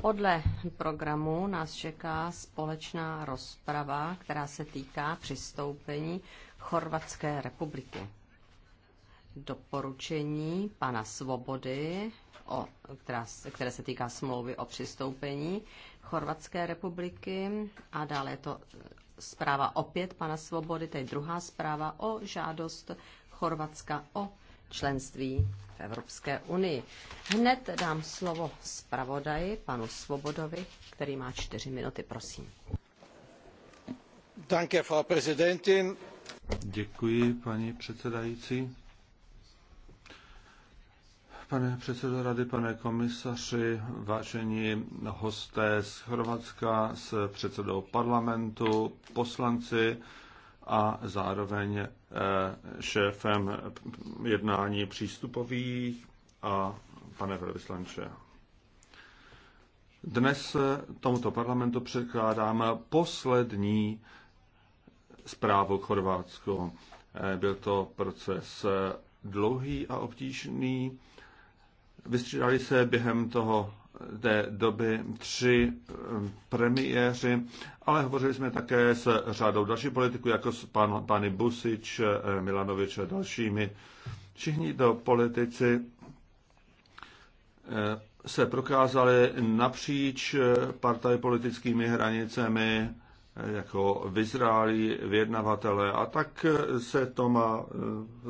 Podle programu nás čeká společná rozprava, která se týká přistoupení Chorvatské republiky. Doporučení pana Svobody, o, která, které se týká smlouvy o přistoupení Chorvatské republiky a dále je to eh, zpráva opět pana Svobody, tedy druhá zpráva o žádost Chorvatska o členství v Evropské unii. Hned dám slovo zpravodaji, panu Svobodovi, který má čtyři minuty, prosím. Danke, Frau Präsidentin. Děkuji, paní předsedající. Pane předsedo rady, pane komisaři, vážení hosté z Chorvatska, s předsedou parlamentu, poslanci, a zároveň eh, šéfem jednání přístupových a pane velvyslanče. Dnes tomuto parlamentu předkládám poslední zprávu k Chorvátsku. Eh, byl to proces eh, dlouhý a obtížný. Vystřídali se během toho té doby tři eh, premiéři, ale hovořili jsme také s řadou dalších politiků, jako s pan, pany Busič, eh, Milanovič a dalšími. Všichni to politici eh, se prokázali napříč partaj politickými hranicemi jako vyzrálí vyjednavatele a tak se to má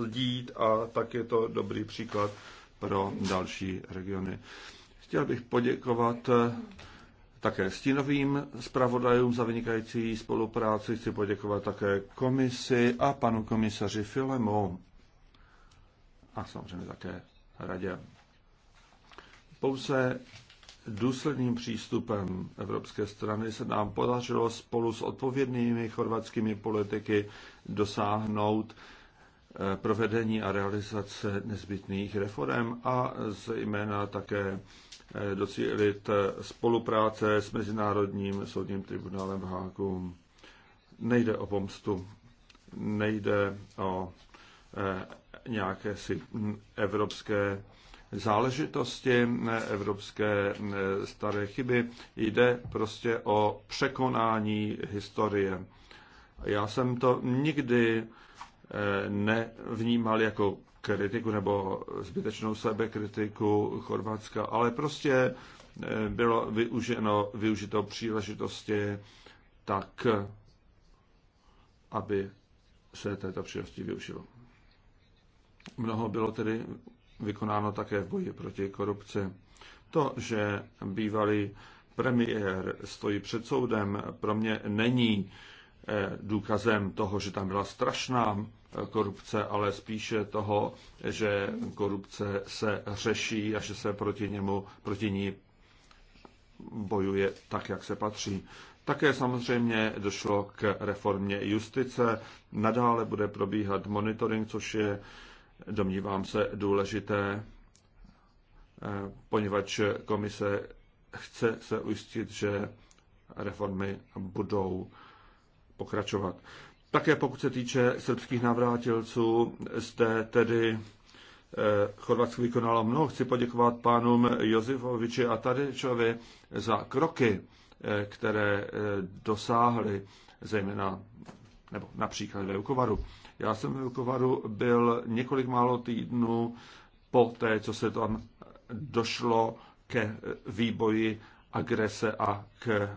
dít a tak je to dobrý příklad pro další regiony. Chtěl bych poděkovat eh, také stínovým zpravodajům za vynikající spolupráci. Chci poděkovat také komisi a panu komisaři Filemu. A samozřejmě také radě. Pouze důsledným přístupem Evropské strany se nám podařilo spolu s odpovědnými chorvatskými politiky dosáhnout eh, provedení a realizace nezbytných reform a zejména také Eh, docílit eh, spolupráce s Mezinárodním soudním tribunálem v Háku. Nejde o pomstu, nejde o eh, nějaké si hm, evropské záležitosti, evropské hm, staré chyby. Jde prostě o překonání historie. Já jsem to nikdy nevnímal jako kritiku nebo zbytečnou sebekritiku Chorvatska, ale prostě eh, bylo využeno, využito příležitosti tak, aby se této příležitosti využilo. Mnoho bylo tedy vykonáno také v boji proti korupci. To, že bývalý premiér stojí před soudem, pro mě není Eh, důkazem toho, že tam byla strašná eh, korupce, ale spíše toho, že korupce se řeší a že se proti, němu, proti ní bojuje tak, jak se patří. Také samozřejmě došlo k reformě justice. Nadále bude probíhat monitoring, což je, domnívám se, důležité, eh, poněvadž komise chce se ujistit, že reformy budou pokračovat. Také pokud se týče srbských navrátilců, zde tedy eh, Chorvatsko vykonalo mnoho. Chci poděkovat pánům Jozifoviči a Tadečovi za kroky, eh, které eh, dosáhly, zejména nebo například ve Vukovaru. Já jsem ve Vukovaru byl několik málo týdnů po té, co se tam došlo ke výboji agrese a k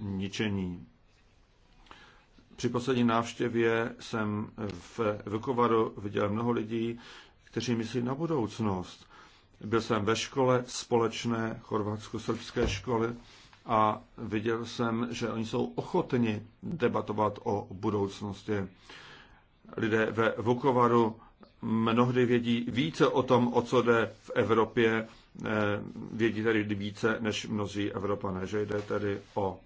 ničení. Při poslední návštěvě jsem v Vukovaru viděl mnoho lidí, kteří myslí na budoucnost. Byl jsem ve škole společné chorvatsko-srbské školy a viděl jsem, že oni jsou ochotni debatovat o budoucnosti. Lidé ve Vukovaru mnohdy vědí více o tom, o co jde v Evropě, eh, vědí tedy více než mnozí Evropané, že jde tedy o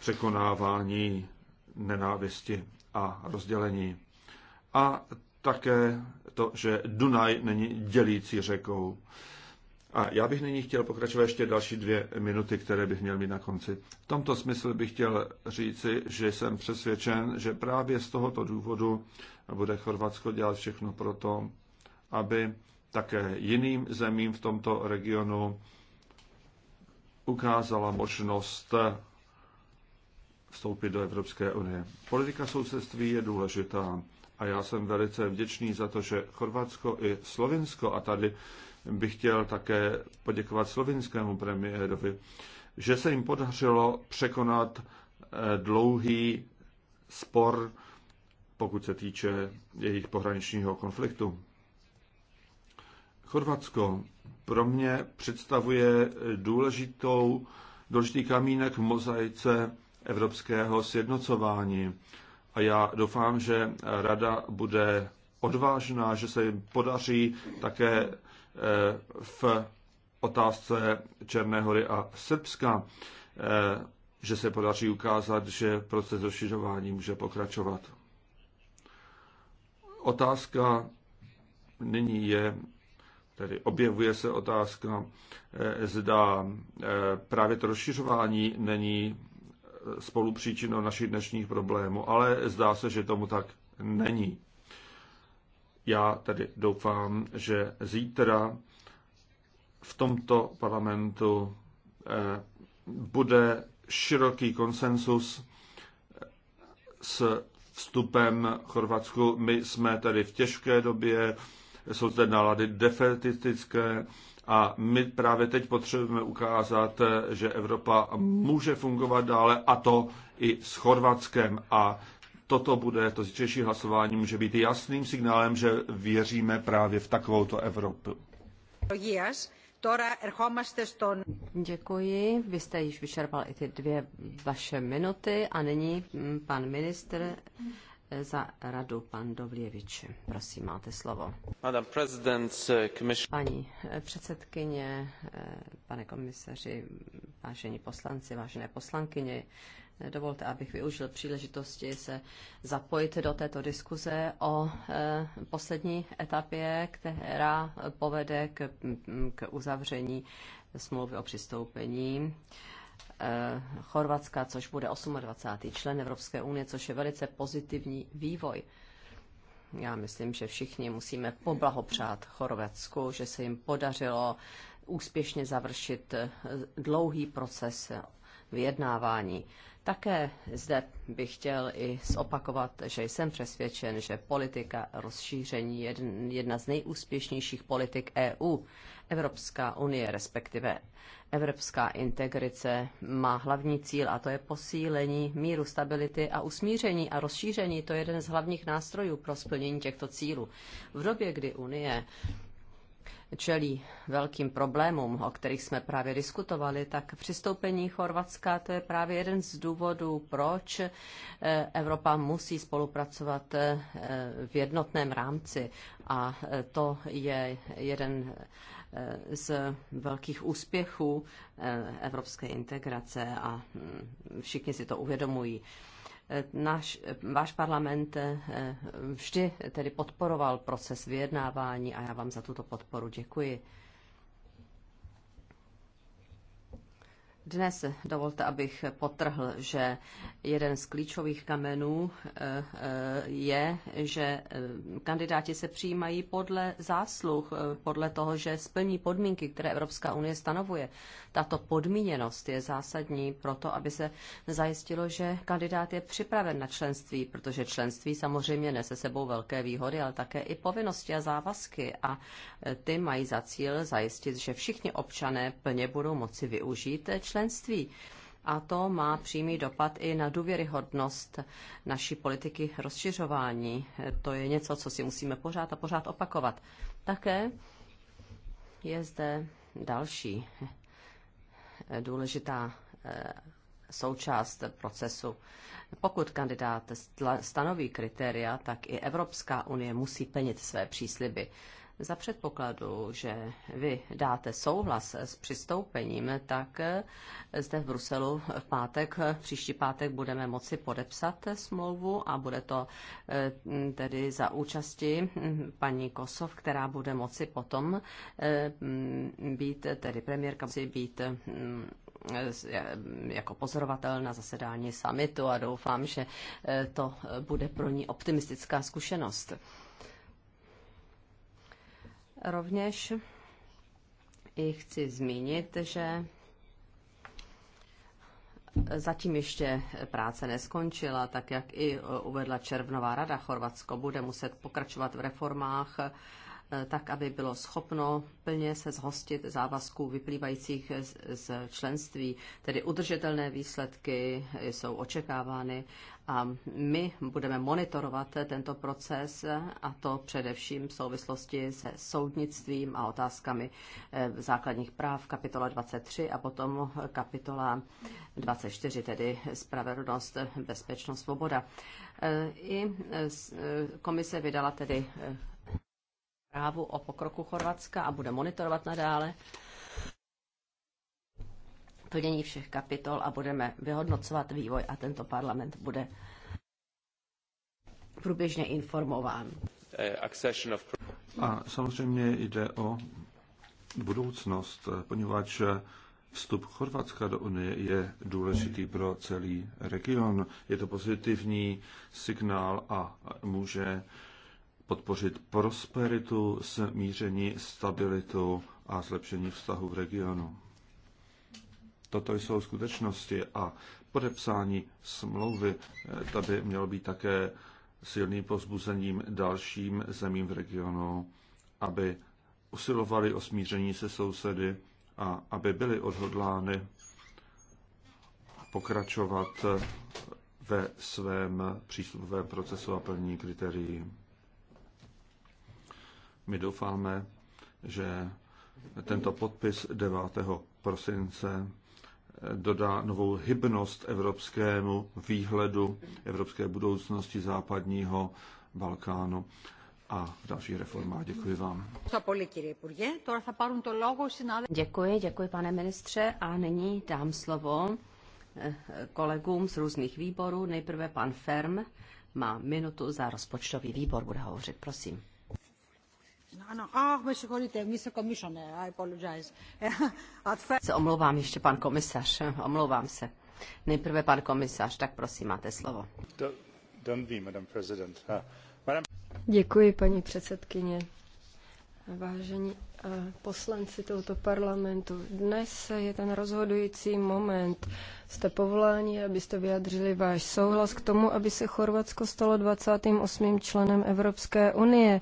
překonávání nenávisti a rozdělení. A také to, že Dunaj není dělící řekou. A já bych nyní chtěl pokračovat ještě další dvě minuty, které bych měl mít na konci. V tomto smyslu bych chtěl říci, že jsem přesvědčen, že právě z tohoto důvodu bude Chorvatsko dělat všechno pro to, aby také jiným zemím v tomto regionu ukázala možnost vstoupit do Evropské unie. Politika sousedství je důležitá a já jsem velice vděčný za to, že Chorvatsko i Slovinsko, a tady bych chtěl také poděkovat slovinskému premiérovi, že se jim podařilo překonat eh, dlouhý spor, pokud se týče jejich pohraničního konfliktu. Chorvatsko pro mě představuje důležitou, důležitý kamínek v mozaice evropského sjednocování. A já doufám, že rada bude odvážná, že se jim podaří také eh, v otázce Černé hory a Srbska, eh, že se podaří ukázat, že proces rozšiřování může pokračovat. Otázka nyní je, tedy objevuje se otázka, eh, zda právě to rozšiřování není spolupříčinou našich dnešních problémů, ale zdá se, že tomu tak není. Já tedy doufám, že zítra v tomto parlamentu eh, bude široký konsensus eh, s vstupem Chorvatsku. My jsme tady v těžké době, jsou zde nálady defetistické a my právě teď potřebujeme ukázat, že Evropa může fungovat dále a to i s Chorvatskem. A toto bude, to zítřejší hlasování může být jasným signálem, že věříme právě v takovouto Evropu. Děkuji, vy jste již vyčerpal i ty dvě vaše minuty a nyní mm, pan ministr za radu pan Dovljevič. Prosím, máte slovo. Eh, Paní eh, předsedkyně, eh, pane komisaři, vážení poslanci, vážené poslankyně, dovolte, abych využil příležitosti se zapojit do této diskuze o poslední etapě, která povede k, mm, k uzavření smlouvy o přistoupení Eh, Chorvatska, což bude 28. člen Evropské unie, což je velice pozitivní vývoj. Já myslím, že všichni musíme poblahopřát Chorvatsku, že se jim podařilo úspěšně završit eh, dlouhý proces vyjednávání. Také zde bych chtěl i zopakovat, že jsem přesvědčen, že politika rozšíření je jedna z nejúspěšnějších politik EU. Evropská unie, respektive evropská integrice, má hlavní cíl a to je posílení míru stability a usmíření a rozšíření. To je jeden z hlavních nástrojů pro splnění těchto cílů. V době, kdy Unie čelí velkým problémům, o kterých jsme právě diskutovali, tak přistoupení Chorvatska to je právě jeden z důvodů, proč eh, Evropa musí spolupracovat eh, v jednotném rámci. A eh, to je jeden z velkých úspěchů evropské integrace a hm, všichni si to uvědomují. Náš, váš parlament eh, vždy tedy podporoval proces vyjednávání a já vám za tuto podporu děkuji. Dnes dovolte, abych potrhl, že jeden z klíčových kamenů eh, eh, je, že eh, kandidáti se přijímají podle zásluh, podle toho, že splní podmínky, které Evropská unie stanovuje. Tato podmíněnost je zásadní pro to, aby se zajistilo, že kandidát je připraven na členství, protože členství samozřejmě nese sebou velké výhody, ale také i povinnosti a závazky. A ty mají za cíl zajistit, že všichni občané plně budou moci využít členství členství. A to má přímý dopad i na důvěryhodnost naší politiky rozšiřování. To je něco, co si musíme pořád a pořád opakovat. Také je zde další důležitá eh, součást procesu. Pokud kandidát stanoví kritéria, tak i Evropská unie musí plnit své přísliby. Za předpokladu, že vy dáte souhlas s přistoupením, tak eh, zde v Bruselu v pátek, eh, příští pátek budeme moci podepsat smlouvu a bude to eh, tedy za účasti paní Kosov, která bude moci potom být, tedy premiérka, musí být jako pozorovatel na zasedání summitu a doufám, že to bude pro ní optimistická zkušenost. Rovněž i chci zmínit, že Zatím ještě práce neskončila, tak jak i e, uvedla Červnová rada, Chorvatsko bude muset pokračovat v reformách, e, tak aby bylo schopno plně se zhostit závazků vyplývajících z, z členství. Tedy udržitelné výsledky jsou očekávány a my budeme monitorovat tento proces a to především v souvislosti se soudnictvím a otázkami eh, základních práv kapitola 23 a potom kapitola 24, tedy spravedlnost, bezpečnost, svoboda. Eh, I eh, komise vydala tedy právu o pokroku Chorvatska a bude monitorovat nadále plnění všech kapitol a budeme vyhodnocovat vývoj a tento parlament bude průběžně informován. Eh, a samozřejmě jde o budoucnost, poněvadž vstup Chorvatska do Unie je důležitý pro celý region. Je to pozitivní signál a může podpořit prosperitu, smíření, stabilitu a zlepšení vztahu v regionu. Toto jsou skutečnosti a podepsání smlouvy tady mělo být také silným pozbuzením dalším zemím v regionu, aby usilovali o smíření se sousedy a aby byly odhodlány pokračovat ve svém přístupovém procesu a plní kritérií. My doufáme, že tento podpis 9. prosince dodá novou hybnost evropskému výhledu, evropské budoucnosti západního Balkánu a v dalších reformách. Děkuji vám. Děkuji, děkuji pane ministře a nyní dám slovo eh, kolegům z různých výborů. Nejprve pan Ferm má minutu za rozpočtový výbor, bude hovořit, prosím. No, no. Se omlouvám ještě pan komisař, omlouvám se. Nejprve pan komisař, tak prosím, máte slovo. Uh, Děkuji, paní předsedkyně. Vážení poslanci tohoto parlamentu. Dnes je ten rozhodující moment. Jste povoláni, abyste vyjadřili váš souhlas k tomu, aby se Chorvatsko stalo 28. členem Evropské unie.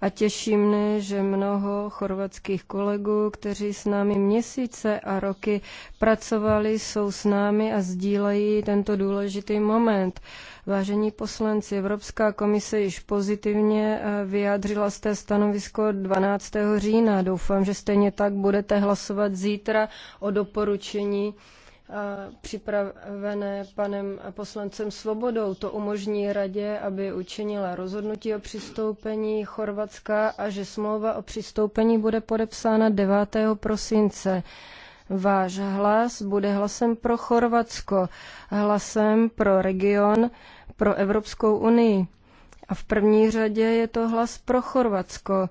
A těší mne, že mnoho chorvatských kolegů, kteří s námi měsíce a roky pracovali, jsou s námi a sdílejí tento důležitý moment. Vážení poslanci, Evropská komise již pozitivně eh, vyjádřila z té stanovisko 12. října doufám, že stejně tak budete hlasovat zítra o doporučení eh, připravené panem poslancem Svobodou. To umožní radě, aby učinila rozhodnutí o přistoupení Chorvatska a že smlouva o přistoupení bude podepsána 9. prosince. Váš hlas bude hlasem pro Chorvatsko, hlasem pro region, pro Evropskou unii. A v první řadě je to hlas pro Chorvatsko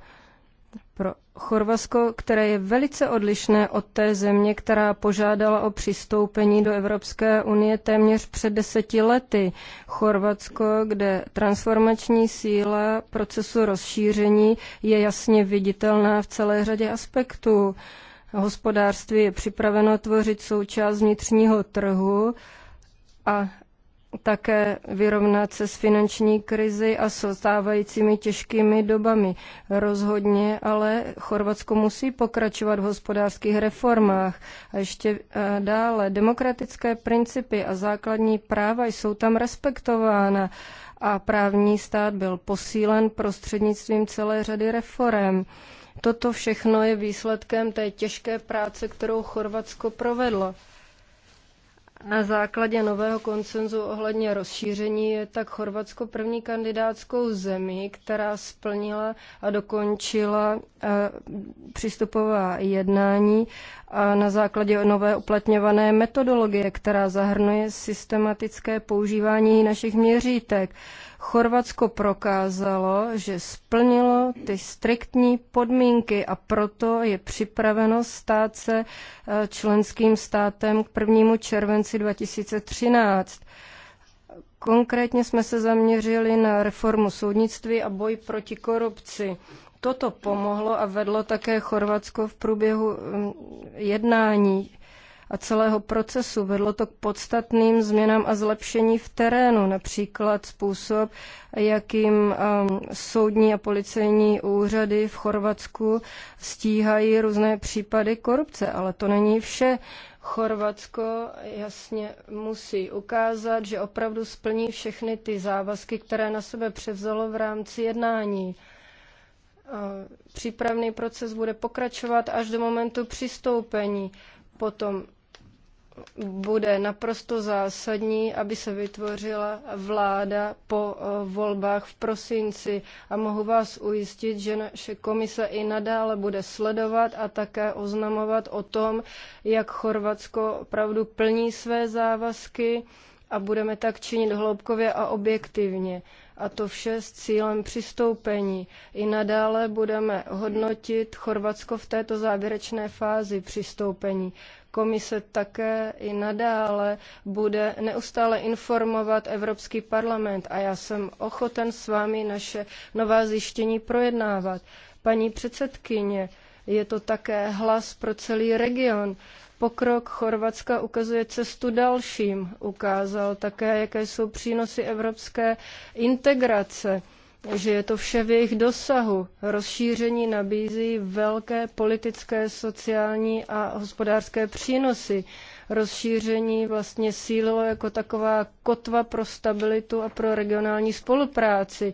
pro Chorvatsko, které je velice odlišné od té země, která požádala o přistoupení do Evropské unie téměř před deseti lety. Chorvatsko, kde transformační síla procesu rozšíření je jasně viditelná v celé řadě aspektů. Hospodářství je připraveno tvořit součást vnitřního trhu a také vyrovnat se s finanční krizi a stávajícími těžkými dobami. Rozhodně ale Chorvatsko musí pokračovat v hospodářských reformách a ještě eh, dále. Demokratické principy a základní práva jsou tam respektována a právní stát byl posílen prostřednictvím celé řady reform. Toto všechno je výsledkem té těžké práce, kterou Chorvatsko provedlo. Na základě nového koncenzu ohledně rozšíření je tak Chorvatsko první kandidátskou zemí, která splnila a dokončila eh, přístupová jednání a na základě nové uplatňované metodologie, která zahrnuje systematické používání našich měřítek. Chorvatsko prokázalo, že splnilo ty striktní podmínky a proto je připraveno stát se eh, členským státem k 1. červenci 2013. Konkrétně jsme se zaměřili na reformu soudnictví a boj proti korupci. Toto pomohlo a vedlo také Chorvatsko v průběhu mm, jednání a celého procesu. Vedlo to k podstatným změnám a zlepšení v terénu, například způsob, jakým um, soudní a policejní úřady v Chorvatsku stíhají různé případy korupce. Ale to není vše. Chorvatsko jasně musí ukázat, že opravdu splní všechny ty závazky, které na sebe převzalo v rámci jednání. Přípravný proces bude pokračovat až do momentu přistoupení. Potom bude naprosto zásadní, aby se vytvořila vláda po eh, volbách v prosinci. A mohu vás ujistit, že naše komise i nadále bude sledovat a také oznamovat o tom, jak Chorvatsko opravdu plní své závazky a budeme tak činit hloubkově a objektivně. A to vše s cílem přistoupení. I nadále budeme hodnotit Chorvatsko v této závěrečné fázi přistoupení. Komise také i nadále bude neustále informovat Evropský parlament a já jsem ochoten s vámi naše nová zjištění projednávat. Paní předsedkyně, je to také hlas pro celý region. Pokrok Chorvatska ukazuje cestu dalším. Ukázal také, jaké jsou přínosy evropské integrace že je to vše v jejich dosahu. Rozšíření nabízí velké politické, sociální a hospodářské přínosy. Rozšíření vlastně sílilo jako taková kotva pro stabilitu a pro regionální spolupráci.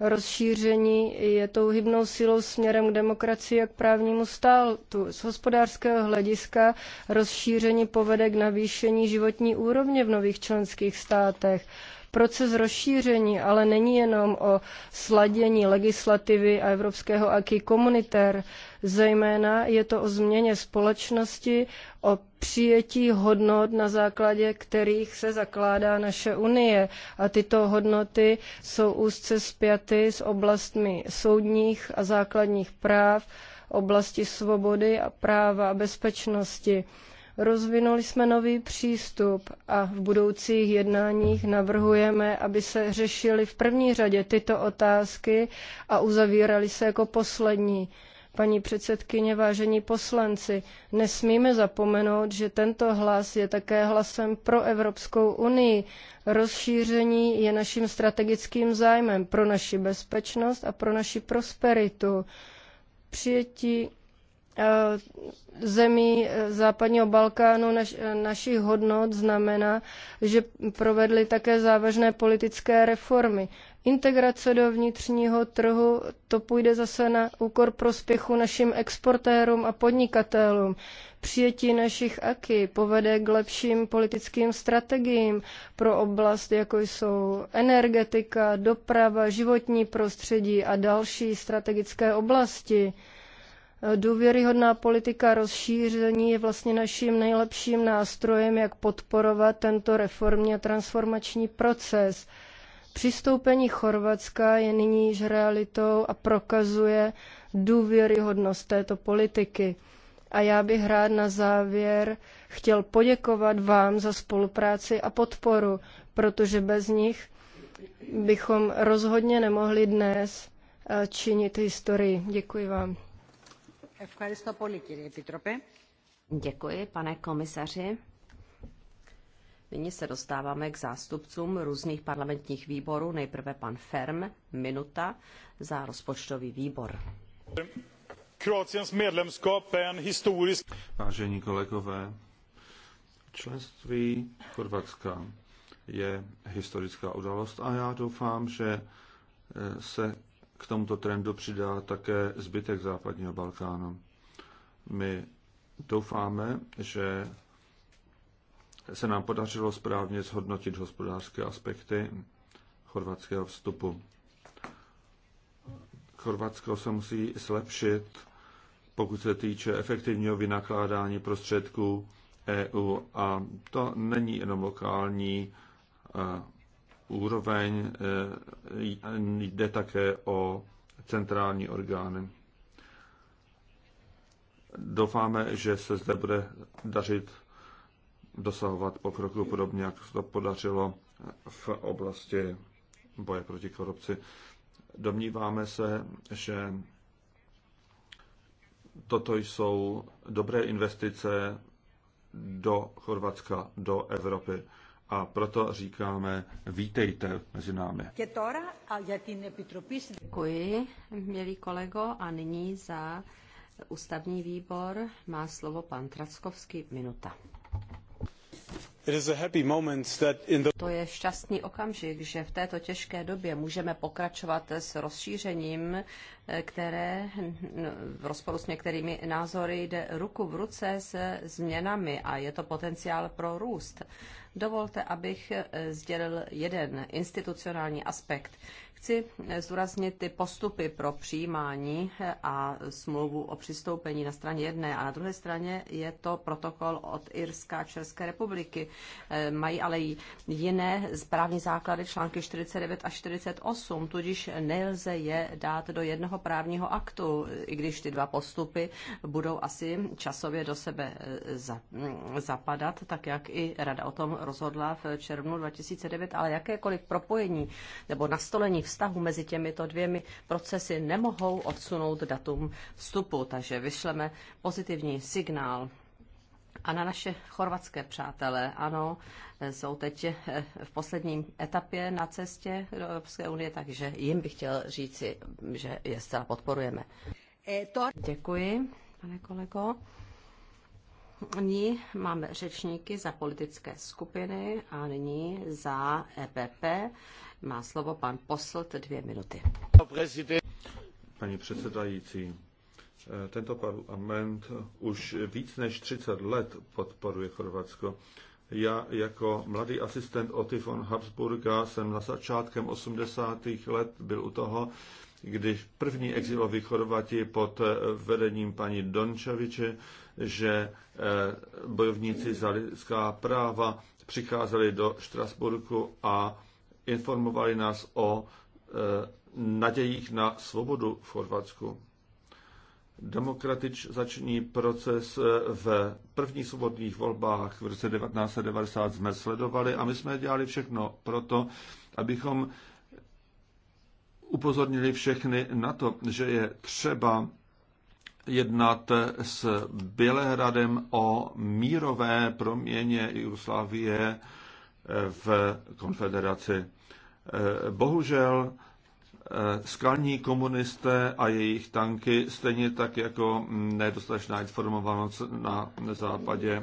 Rozšíření je tou hybnou silou směrem k demokracii a k právnímu státu. Z hospodářského hlediska rozšíření povede k navýšení životní úrovně v nových členských státech Proces rozšíření ale není jenom o sladění legislativy a evropského aký komunitér, zejména je to o změně společnosti, o přijetí hodnot, na základě kterých se zakládá naše unie. A tyto hodnoty jsou úzce spjaty s oblastmi soudních a základních práv, oblasti svobody a práva a bezpečnosti. Rozvinuli jsme nový přístup a v budoucích jednáních navrhujeme, aby se řešily v první řadě tyto otázky a uzavíraly se jako poslední. Paní předsedkyně, vážení poslanci, nesmíme zapomenout, že tento hlas je také hlasem pro Evropskou unii. Rozšíření je naším strategickým zájmem pro naši bezpečnost a pro naši prosperitu. Přijetí Eh, zemí eh, západního Balkánu naš, eh, našich hodnot znamená, že provedli také závažné politické reformy. Integrace do vnitřního trhu, to půjde zase na úkor prospěchu našim exportérům a podnikatelům. Přijetí našich aky povede k lepším politickým strategiím pro oblast, jako jsou energetika, doprava, životní prostředí a další strategické oblasti. Důvěryhodná politika rozšíření je vlastně naším nejlepším nástrojem, jak podporovat tento reformní a transformační proces. Přistoupení Chorvatska je nyní již realitou a prokazuje důvěryhodnost této politiky. A já bych rád na závěr chtěl poděkovat vám za spolupráci a podporu, protože bez nich bychom rozhodně nemohli dnes eh, činit historii. Děkuji vám. Děkuji, pane komisaři. Nyní se dostáváme k zástupcům různých parlamentních výborů. Nejprve pan Ferm, minuta za rozpočtový výbor. Vážení kolegové, členství Chorvatska je historická událost a já doufám, že eh, se k tomuto trendu přidá také zbytek západního Balkánu. My doufáme, že se nám podařilo správně zhodnotit hospodářské aspekty chorvatského vstupu. Chorvatsko se musí zlepšit, pokud se týče efektivního vynakládání prostředků EU. A to není jenom lokální eh, úroveň, eh, jde také o centrální orgány. Doufáme, že se zde bude dařit dosahovat pokroku, podobně jak se to podařilo v oblasti boje proti korupci. Domníváme se, že toto jsou dobré investice do Chorvatska, do Evropy a proto říkáme vítejte mezi námi. Děkuji, milý kolego, a nyní za ústavní výbor má slovo pan Trackovský minuta. To je šťastný okamžik, že v této těžké době můžeme pokračovat s rozšířením, eh, které v rozporu s některými názory jde ruku v ruce se změnami a je to potenciál pro růst. Dovolte, abych eh, sdělil jeden institucionální aspekt. Chci zdůraznit ty postupy pro přijímání a smlouvu o přistoupení na straně jedné a na druhé straně je to protokol od Irska a České republiky. E, mají ale i jiné správní základy články 49 a 48, tudíž nelze je dát do jednoho právního aktu, i když ty dva postupy budou asi časově do sebe e, mm, zapadat, tak jak i Rada o tom rozhodla v červnu 2009, ale jakékoliv propojení nebo nastolení v vztahu mezi těmito dvěmi procesy nemohou odsunout datum vstupu, takže vyšleme pozitivní signál. A na naše chorvatské přátelé, ano, jsou teď eh, v posledním etapě na cestě do Evropské unie, takže jim bych chtěl říci, že je zcela podporujeme. Eh, Děkuji, pane kolego. Nyní máme řečníky za politické skupiny a nyní za EPP má slovo pan Poslt dvě minuty. Paní předsedající, eh, tento parlament už víc než 30 let podporuje Chorvatsko. Já jako mladý asistent Oty von Habsburga jsem na začátkem 80. let byl u toho, když první exiloví Chorvati pod eh, vedením paní Dončaviče, že eh, bojovníci za lidská práva přicházeli do Štrasburku a informovali nás o e, nadějích na svobodu v Chorvatsku. Demokratizační proces e, v prvních svobodných volbách v roce 1990 jsme sledovali a my jsme dělali všechno proto, abychom upozornili všechny na to, že je třeba jednat s Bělehradem o mírové proměně Jugoslávie v konfederaci. Eh, bohužel eh, skalní komunisté a jejich tanky, stejně tak jako nedostatečná informovanost na západě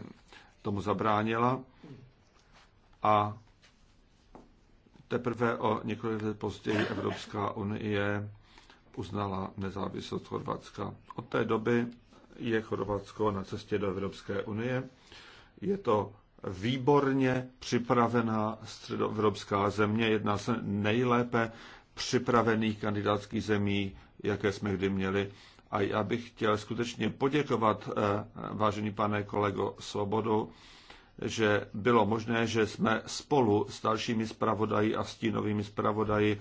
tomu zabránila. A teprve o několik let později Evropská unie uznala nezávislost Chorvatska. Od té doby je Chorvatsko na cestě do Evropské unie. Je to výborně připravená středoevropská země, jedna z nejlépe připravených kandidátských zemí, jaké jsme kdy měli. A já bych chtěl skutečně poděkovat, eh, vážený pane kolego Svobodu, že bylo možné, že jsme spolu s dalšími zpravodaji a stínovými zpravodaji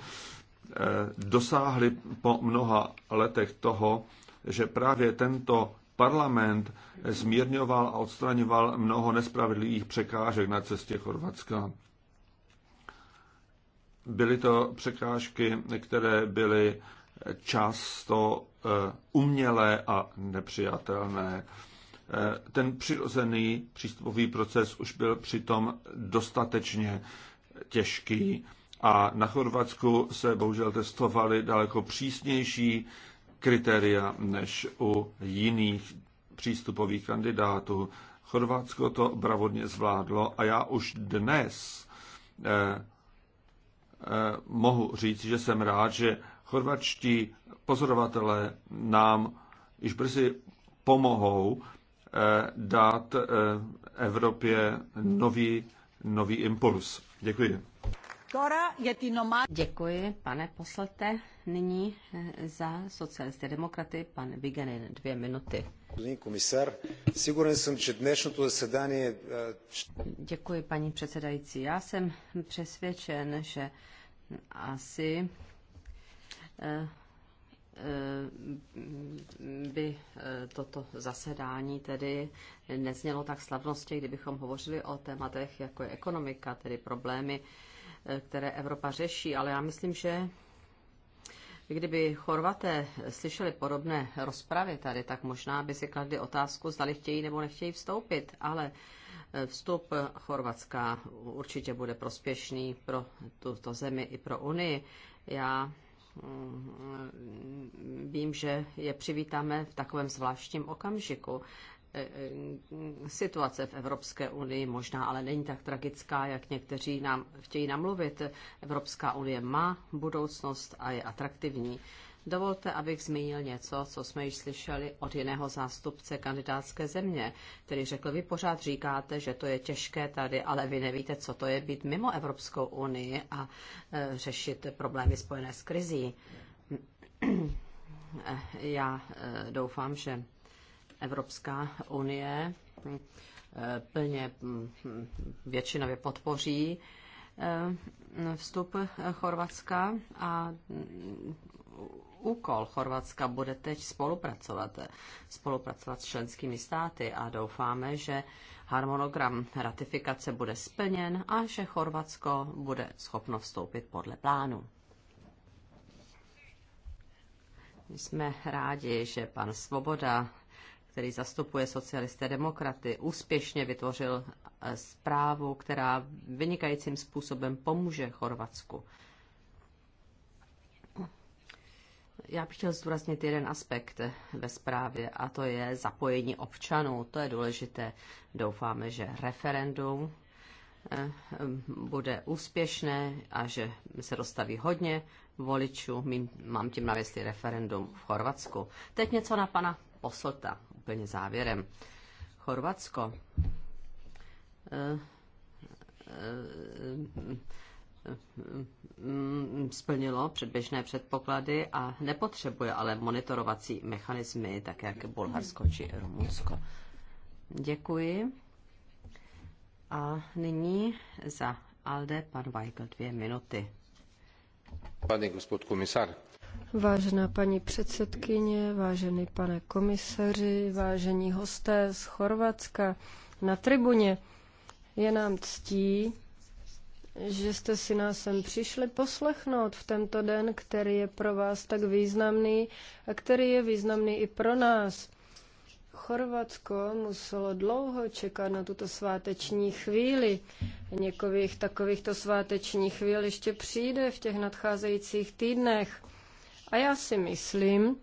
eh, dosáhli po mnoha letech toho, že právě tento parlament zmírňoval a odstraňoval mnoho nespravedlivých překážek na cestě Chorvatska. Byly to překážky, které byly často eh, umělé a nepřijatelné. Eh, ten přirozený přístupový proces už byl přitom dostatečně těžký a na Chorvatsku se bohužel testovaly daleko přísnější kritéria než u jiných přístupových kandidátů. Chorvatsko to bravodně zvládlo a já už dnes eh, eh, mohu říct, že jsem rád, že chorvačtí pozorovatelé nám již brzy pomohou eh, dát Evropě nový, nový impuls. Děkuji. Děkuji, pane poslete. Nyní eh, za socialisty demokraty pan Vigenin, dvě minuty. jsem, že zasedání... Děkuji, paní předsedající. Já jsem přesvědčen, že asi eh, eh, by toto zasedání tedy neznělo tak slavnostně, kdybychom hovořili o tématech, jako je ekonomika, tedy problémy, které Evropa řeší, ale já myslím, že kdyby Chorvaté slyšeli podobné rozpravy tady, tak možná by si kladli otázku, zdali chtějí nebo nechtějí vstoupit, ale eh, vstup Chorvatska určitě bude prospěšný pro tuto zemi i pro Unii. Já mm, vím, že je přivítáme v takovém zvláštním okamžiku. Eh, eh, situace v Evropské unii možná ale není tak tragická, jak někteří nám chtějí namluvit. Evropská unie má budoucnost a je atraktivní. Dovolte, abych zmínil něco, co jsme již slyšeli od jiného zástupce kandidátské země, který řekl, vy pořád říkáte, že to je těžké tady, ale vy nevíte, co to je být mimo Evropskou unii a e, řešit problémy spojené s krizí. Já e, doufám, že Evropská unie hm, eh, plně hm, většinově podpoří eh, vstup Chorvatska a hm, úkol Chorvatska bude teď spolupracovat, spolupracovat s členskými státy a doufáme, že harmonogram ratifikace bude splněn a že Chorvatsko bude schopno vstoupit podle plánu. Jsme rádi, že pan Svoboda který zastupuje socialisté demokraty, úspěšně vytvořil eh, zprávu, která vynikajícím způsobem pomůže Chorvatsku. Já bych chtěl zdůraznit jeden aspekt ve zprávě, a to je zapojení občanů. To je důležité. Doufáme, že referendum eh, bude úspěšné a že se dostaví hodně voličů. Mám tím na mysli referendum v Chorvatsku. Teď něco na pana Posota úplně závěrem. Chorvatsko eh, eh, eh, splnilo předběžné předpoklady a nepotřebuje ale monitorovací mechanismy, tak jak Bulharsko či Rumunsko. Děkuji. A nyní za ALDE pan Weigl dvě minuty. Pane gospod komisar. Vážená paní předsedkyně, vážený pane komisaři, vážení hosté z Chorvatska na tribuně, je nám ctí, že jste si nás sem přišli poslechnout v tento den, který je pro vás tak významný a který je významný i pro nás. Chorvatsko muselo dlouho čekat na tuto sváteční chvíli. Několik takovýchto svátečních chvíl ještě přijde v těch nadcházejících týdnech. A já si myslím,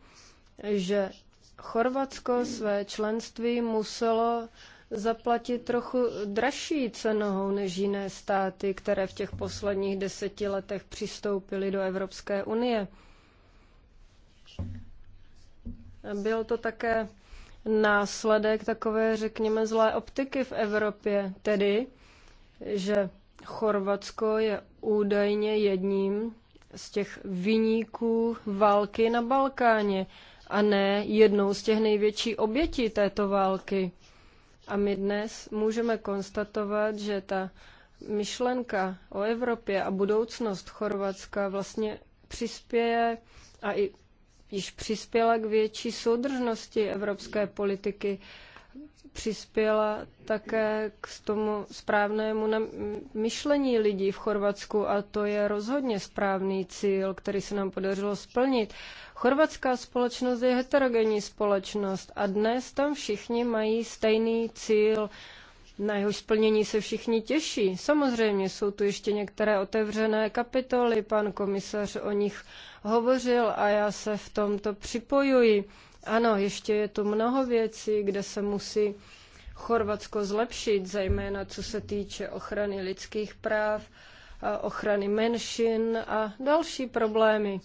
že Chorvatsko své členství muselo zaplatit trochu dražší cenou než jiné státy, které v těch posledních deseti letech přistoupily do Evropské unie. Byl to také následek takové, řekněme, zlé optiky v Evropě, tedy, že Chorvatsko je údajně jedním z těch vyníků války na Balkáně a ne jednou z těch největší obětí této války. A my dnes můžeme konstatovat, že ta myšlenka o Evropě a budoucnost Chorvatska vlastně přispěje a i již přispěla k větší soudržnosti evropské politiky přispěla také k tomu správnému myšlení lidí v Chorvatsku a to je rozhodně správný cíl, který se nám podařilo splnit. Chorvatská společnost je heterogenní společnost a dnes tam všichni mají stejný cíl. Na jeho splnění se všichni těší. Samozřejmě jsou tu ještě některé otevřené kapitoly, pan komisař o nich hovořil a já se v tomto připojuji. Ano, ještě je tu mnoho věcí, kde se musí Chorvatsko zlepšit, zejména co se týče ochrany lidských práv, ochrany menšin a další problémy.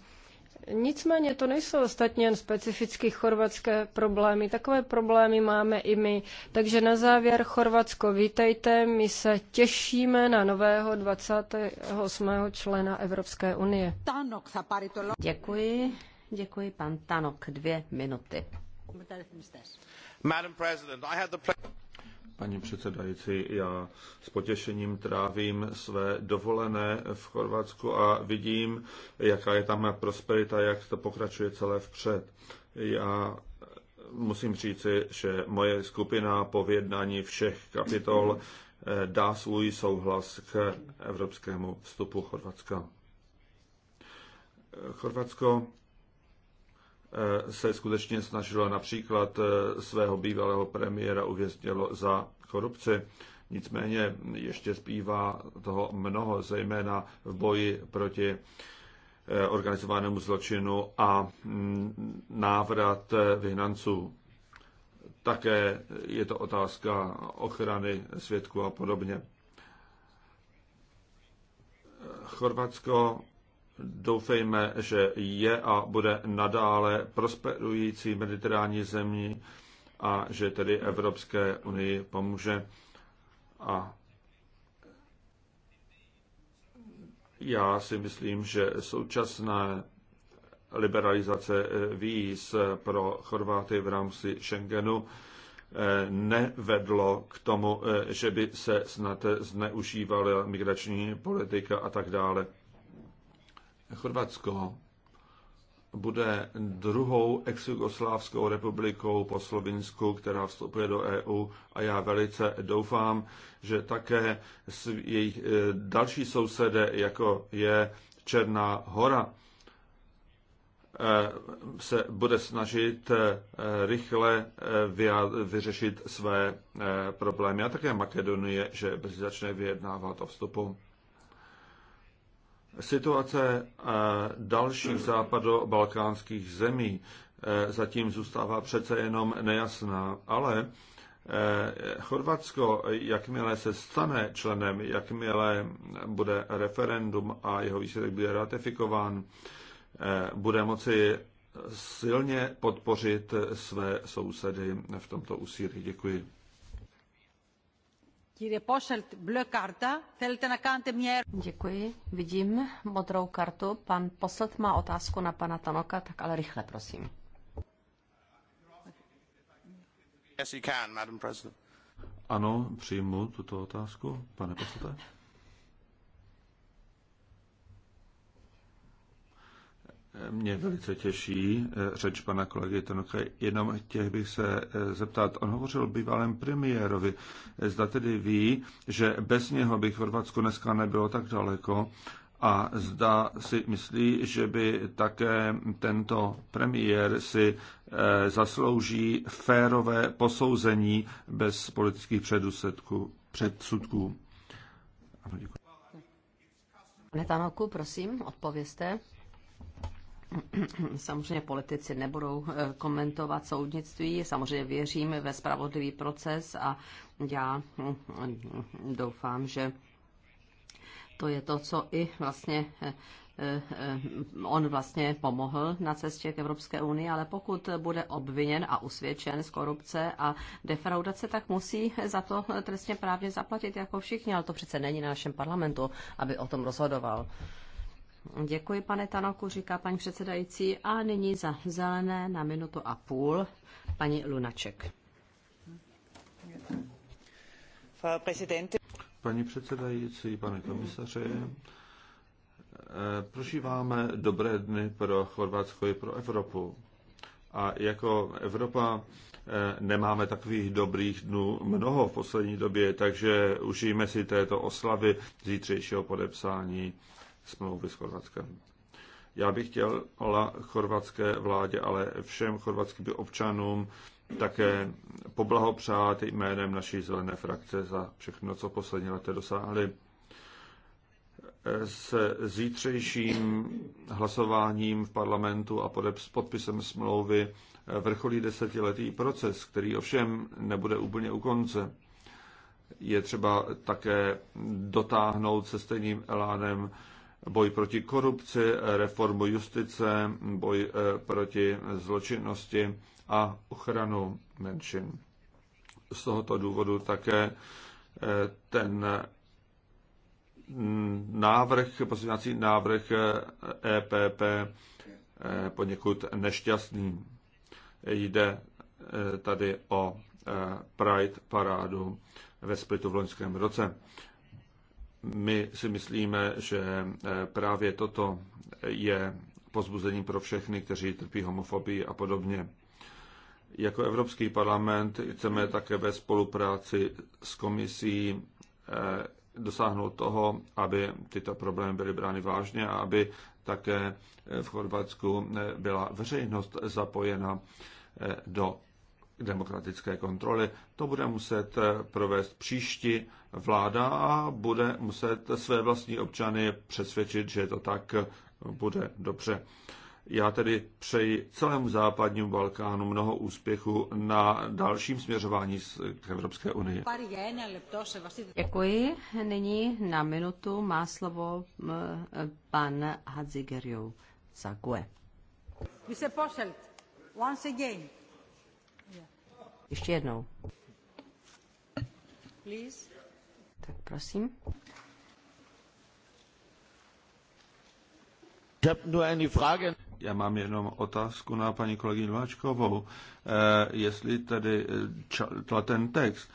Nicméně to nejsou ostatně jen specificky chorvatské problémy. Takové problémy máme i my. Takže na závěr Chorvatsko vítejte. My se těšíme na nového 28. člena Evropské unie. Děkuji. Děkuji, pan Tanok, dvě minuty. Paní předsedající, já s potěšením trávím své dovolené v Chorvatsku a vidím, jaká je tam prosperita, jak to pokračuje celé vpřed. Já musím říci, že moje skupina po vyjednání všech kapitol eh, dá svůj souhlas k evropskému vstupu Chorvatska. Chorvatsko Eh, se skutečně snažilo například eh, svého bývalého premiéra uvěznilo za korupci. Nicméně ještě zpívá toho mnoho, zejména v boji proti eh, organizovanému zločinu a mm, návrat vyhnanců. Také je to otázka ochrany svědků a podobně. Chorvatsko Doufejme, že je a bude nadále prosperující mediterální zemí a že tedy Evropské unii pomůže. A já si myslím, že současné liberalizace eh, víz pro Chorváty v rámci Schengenu eh, nevedlo k tomu, eh, že by se snad zneužívala migrační politika a tak dále. Chorvatsko bude druhou ex republikou po Slovinsku, která vstupuje do EU a já velice doufám, že také jejich eh, další sousedé jako je Černá hora, eh, se bude snažit eh, rychle vyřešit své problémy a také Makedonie, že brzy začne vyjednávat o vstupu. Situace eh, dalších západobalkánských zemí eh, zatím zůstává přece jenom nejasná, ale eh, Chorvatsko, jakmile se stane členem, jakmile bude referendum a jeho výsledek bude ratifikován, bude moci silně podpořit své sousedy v tomto úsilí. Děkuji. Děkuji. Vidím modrou kartu. Pan Poslet má otázku na pana Tanoka, tak ale rychle, prosím. Ano, přijmu tuto otázku, pane Poslete. mě velice těší eh, řeč pana kolegy Tonoka. Jenom těch bych se eh, zeptat, on hovořil o bývalém premiérovi. Eh, zda tedy ví, že bez něho by Chorvatsko dneska nebylo tak daleko a zda si myslí, že by také tento premiér si zaslouží férové posouzení bez politických předsudků. předsudků. Ano, děkuji. Netanoku, prosím, odpověste. Samozřejmě politici nebudou eh, komentovat soudnictví, samozřejmě věřím ve spravodlivý proces a já hm, doufám, že to je to, co i vlastně eh, eh, on vlastně pomohl na cestě k Evropské unii, ale pokud bude obviněn a usvědčen z korupce a defraudace, tak musí za to trestně právně zaplatit jako všichni, ale to přece není na našem parlamentu, aby o tom rozhodoval. Děkuji, pane Tanoku, říká paní předsedající. A nyní za zelené na minutu a půl paní Lunaček. Paní předsedající, pane komisaři, eh, prožíváme dobré dny pro Chorvatsko i pro Evropu. A jako Evropa eh, nemáme takových dobrých dnů mnoho v poslední době, takže užijeme si této oslavy zítřejšího podepsání smlouvy s Chorvatskem. Já bych chtěl chtěla chorvatské vládě, ale všem chorvatským občanům také poblahopřát jménem naší zelené frakce za všechno, co poslední leté dosáhli. Se zítřejším hlasováním v parlamentu a s podpisem smlouvy vrcholí desetiletý proces, který ovšem nebude úplně u konce. Je třeba také dotáhnout se stejným elánem boj proti korupci, reformu justice, boj eh, proti zločinnosti a ochranu menšin. Z tohoto důvodu také eh, ten mm, návrh, pozměňovací návrh EPP eh, e poněkud nešťastný. Jde tady o Pride parádu ve Splitu v loňském roce. My si myslíme, že eh, právě toto je pozbuzení pro všechny, kteří trpí homofobii a podobně. Jako Evropský parlament chceme také ve spolupráci s komisí eh, dosáhnout toho, aby tyto problémy byly brány vážně a aby také v Chorvatsku eh, byla veřejnost zapojena do demokratické kontroly. To bude muset provést příští vláda a bude muset své vlastní občany přesvědčit, že to tak bude dobře. Já tedy přeji celému západnímu Balkánu mnoho úspěchu na dalším směřování k Evropské unii. Děkuji. Nyní na minutu má slovo pan Hadzigerjou Zague. Mr. Posselt, once again, ještě jednou. Please. Tak prosím. Já mám jenom otázku na paní kolegyni Váčkovou. Eh, jestli tedy eh, ten text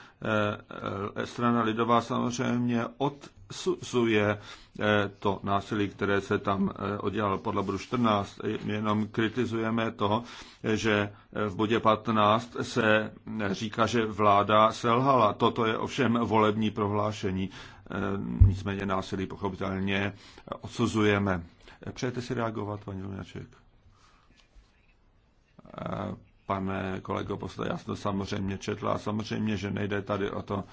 eh, strana lidová samozřejmě od neodsuzuje eh, to násilí, které se tam eh, odělalo podle bodu 14. Jenom kritizujeme to, eh, že v bodě 15 se říká, že vláda selhala. Toto je ovšem volební prohlášení. Nicméně násilí pochopitelně odsuzujeme. Přejete si reagovat, paní Lunaček? Pane kolego, posle, já jsem to samozřejmě četla a samozřejmě, že nejde tady o to,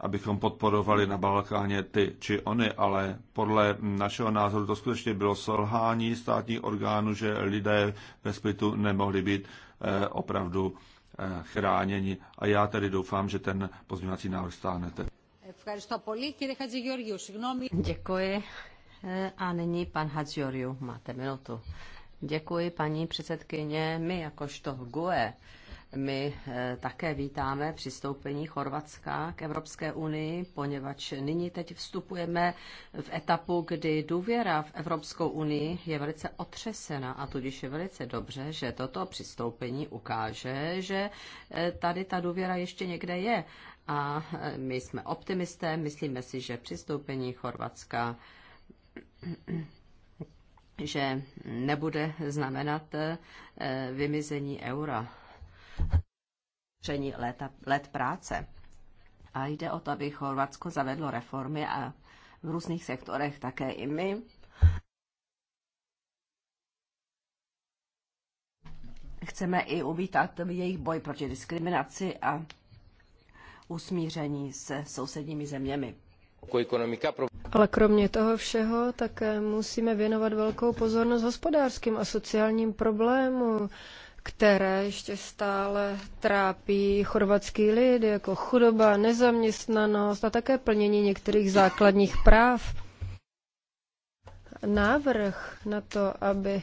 abychom podporovali na Balkáně ty či ony, ale podle našeho názoru to skutečně bylo selhání státních orgánů, že lidé ve Splitu nemohli být eh, opravdu eh, chráněni. A já tedy doufám, že ten pozměňovací návrh stáhnete. Děkuji. Eh, a nyní pan Hadžioriu, máte minutu. Děkuji, paní předsedkyně. My jakožto GUE my eh, také vítáme přistoupení Chorvatska k Evropské unii, poněvadž nyní teď vstupujeme v etapu, kdy důvěra v Evropskou unii je velice otřesena a tudíž je velice dobře, že toto přistoupení ukáže, že eh, tady ta důvěra ještě někde je. A eh, my jsme optimisté, myslíme si, že přistoupení Chorvatska že nebude znamenat vymizení eura léta let práce. A jde o to, aby Chorvatsko zavedlo reformy a v různých sektorech také i my. Chceme i uvítat jejich boj proti diskriminaci a usmíření se sousedními zeměmi. Ale kromě toho všeho také musíme věnovat velkou pozornost hospodářským a sociálním problémům které ještě stále trápí chorvatský lid, jako chudoba, nezaměstnanost a také plnění některých základních práv. Návrh na to, aby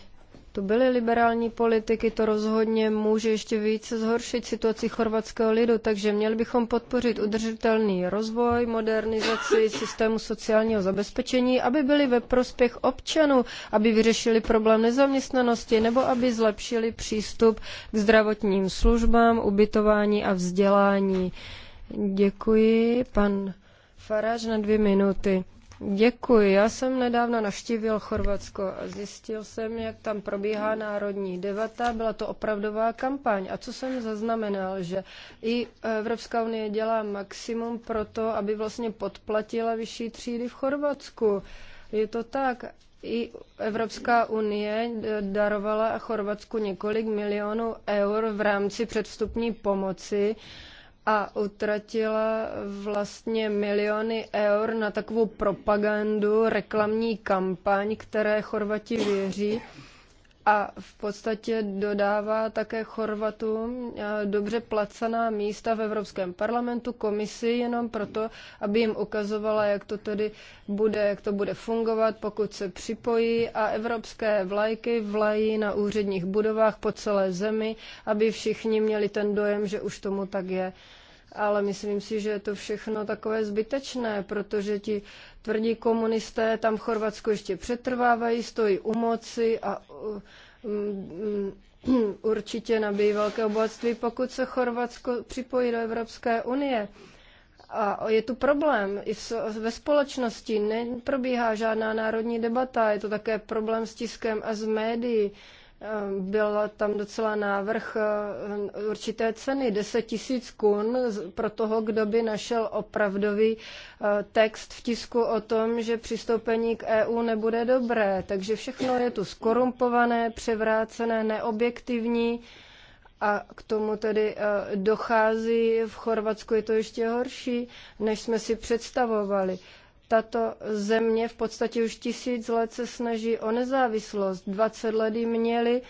to byly liberální politiky, to rozhodně může ještě více zhoršit situaci chorvatského lidu, takže měli bychom podpořit udržitelný rozvoj, modernizaci systému sociálního zabezpečení, aby byli ve prospěch občanů, aby vyřešili problém nezaměstnanosti nebo aby zlepšili přístup k zdravotním službám, ubytování a vzdělání. Děkuji, pan Faráž, na dvě minuty. Děkuji. Já jsem nedávno navštívil Chorvatsko a zjistil jsem, jak tam probíhá národní debata. Byla to opravdová kampaň. A co jsem zaznamenal, že i Evropská unie dělá maximum pro to, aby vlastně podplatila vyšší třídy v Chorvatsku. Je to tak. I Evropská unie darovala Chorvatsku několik milionů eur v rámci předvstupní pomoci. Uh, a utratila vlastně miliony eur na takovou propagandu, reklamní kampaň, které Chorvati věří, a v podstatě dodává také Chorvatům eh, dobře placená místa v Evropském parlamentu, komisi, jenom proto, aby jim ukazovala, jak to tedy bude, jak to bude fungovat, pokud se připojí a evropské vlajky vlají na úředních budovách po celé zemi, aby všichni měli ten dojem, že už tomu tak je ale myslím si, že je to všechno takové zbytečné, protože ti tvrdí komunisté tam v Chorvatsku ještě přetrvávají, stojí u moci a uh, mm, mm, určitě nabíjí velké bohatství, pokud se Chorvatsko připojí do Evropské unie. A je tu problém i ve společnosti, neprobíhá žádná národní debata, je to také problém s tiskem a s médií byl tam docela návrh eh, určité ceny 10 tisíc kun pro toho, kdo by našel opravdový eh, text v tisku o tom, že přistoupení k EU nebude dobré. Takže všechno je tu skorumpované, převrácené, neobjektivní a k tomu tedy eh, dochází. V Chorvatsku je to ještě horší, než jsme si představovali. Tato země v podstatě už tisíc let se snaží o nezávislost. 20 let jí měli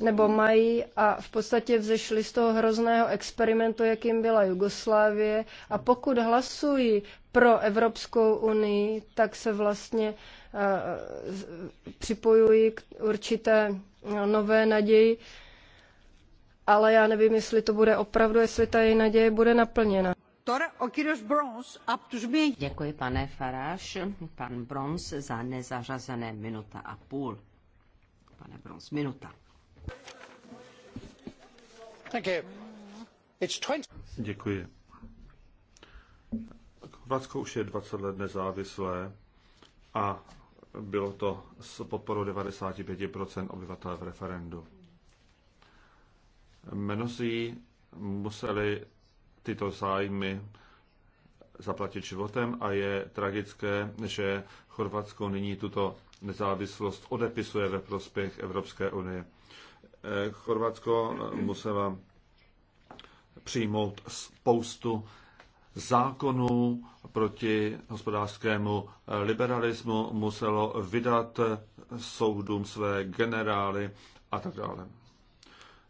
nebo mají a v podstatě vzešli z toho hrozného experimentu, jakým byla Jugoslávie. A pokud hlasují pro Evropskou unii, tak se vlastně uh, připojují k určité nové naději. Ale já nevím, jestli to bude opravdu, jestli ta její naděje bude naplněna. Děkuji, pane Faráš. Pan Brons za nezařazené minuta a půl. Pane Brons, minuta. Děkuji. Chorvatsko už je 20 let nezávislé a bylo to s podporou 95% obyvatel v referendu. Mnozí museli tyto zájmy zaplatit životem a je tragické, že Chorvatsko nyní tuto nezávislost odepisuje ve prospěch Evropské unie. Eh, Chorvatsko musela přijmout spoustu zákonů proti hospodářskému liberalismu, muselo vydat soudům své generály a tak dále.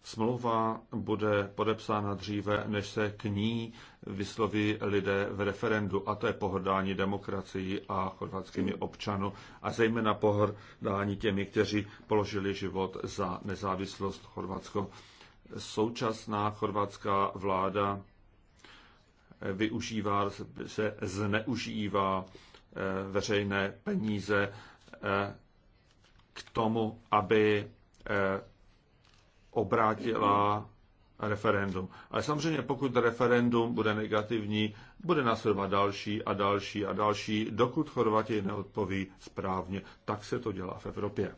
Smlouva bude podepsána dříve, než se k ní vysloví lidé v referendu, a to je pohrdání demokracií a chorvatskými občanů, a zejména pohrdání těmi, kteří položili život za nezávislost Chorvatsko. Současná chorvatská vláda využívá, se zneužívá eh, veřejné peníze eh, k tomu, aby eh, obrátila referendum. Ale samozřejmě, pokud referendum bude negativní, bude následovat další a další a další, dokud Chorvati neodpoví správně. Tak se to dělá v Evropě.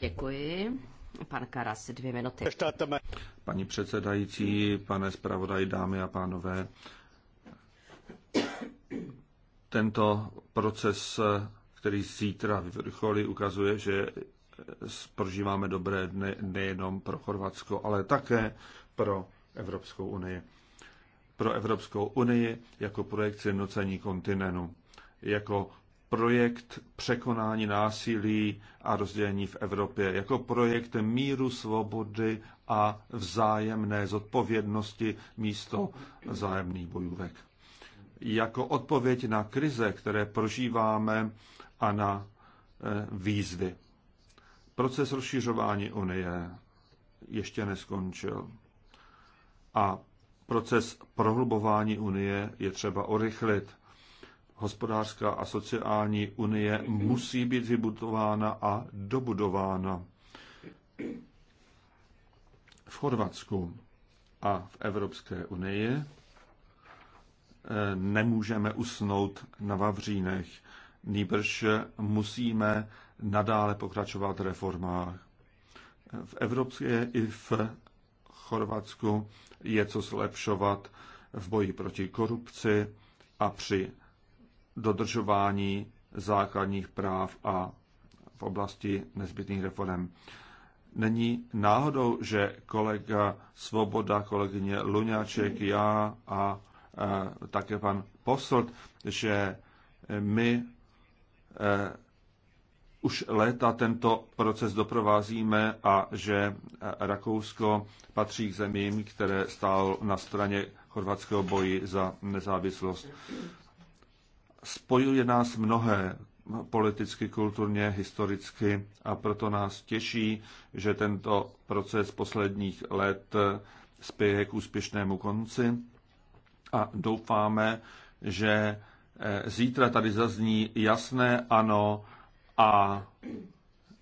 Děkuji. Pan Karas, dvě minuty. Paní předsedající, pane zpravodaj, dámy a pánové, tento proces, který zítra vyvrcholí, ukazuje, že prožíváme dobré dny nejenom pro Chorvatsko, ale také pro Evropskou unii. Pro Evropskou unii jako projekt sjednocení kontinentu, jako projekt překonání násilí a rozdělení v Evropě, jako projekt míru, svobody a vzájemné zodpovědnosti místo vzájemných bojůvek. Jako odpověď na krize, které prožíváme a na eh, výzvy. Proces rozšiřování Unie ještě neskončil a proces prohlubování Unie je třeba orychlit. Hospodářská a sociální unie musí být vybudována a dobudována. V Chorvatsku a v Evropské unii eh, nemůžeme usnout na Vavřínech. Nýbrž musíme nadále pokračovat v reformách. V Evropě i v Chorvatsku je co zlepšovat v boji proti korupci a při dodržování základních práv a v oblasti nezbytných reform. Není náhodou, že kolega Svoboda, kolegyně Luňáček, já a e, také pan Poslt, že my e, už léta tento proces doprovázíme a že Rakousko patří k zemím, které stál na straně chorvatského boji za nezávislost. Spojuje nás mnohé politicky, kulturně, historicky a proto nás těší, že tento proces posledních let spěje k úspěšnému konci a doufáme, že eh, zítra tady zazní jasné ano a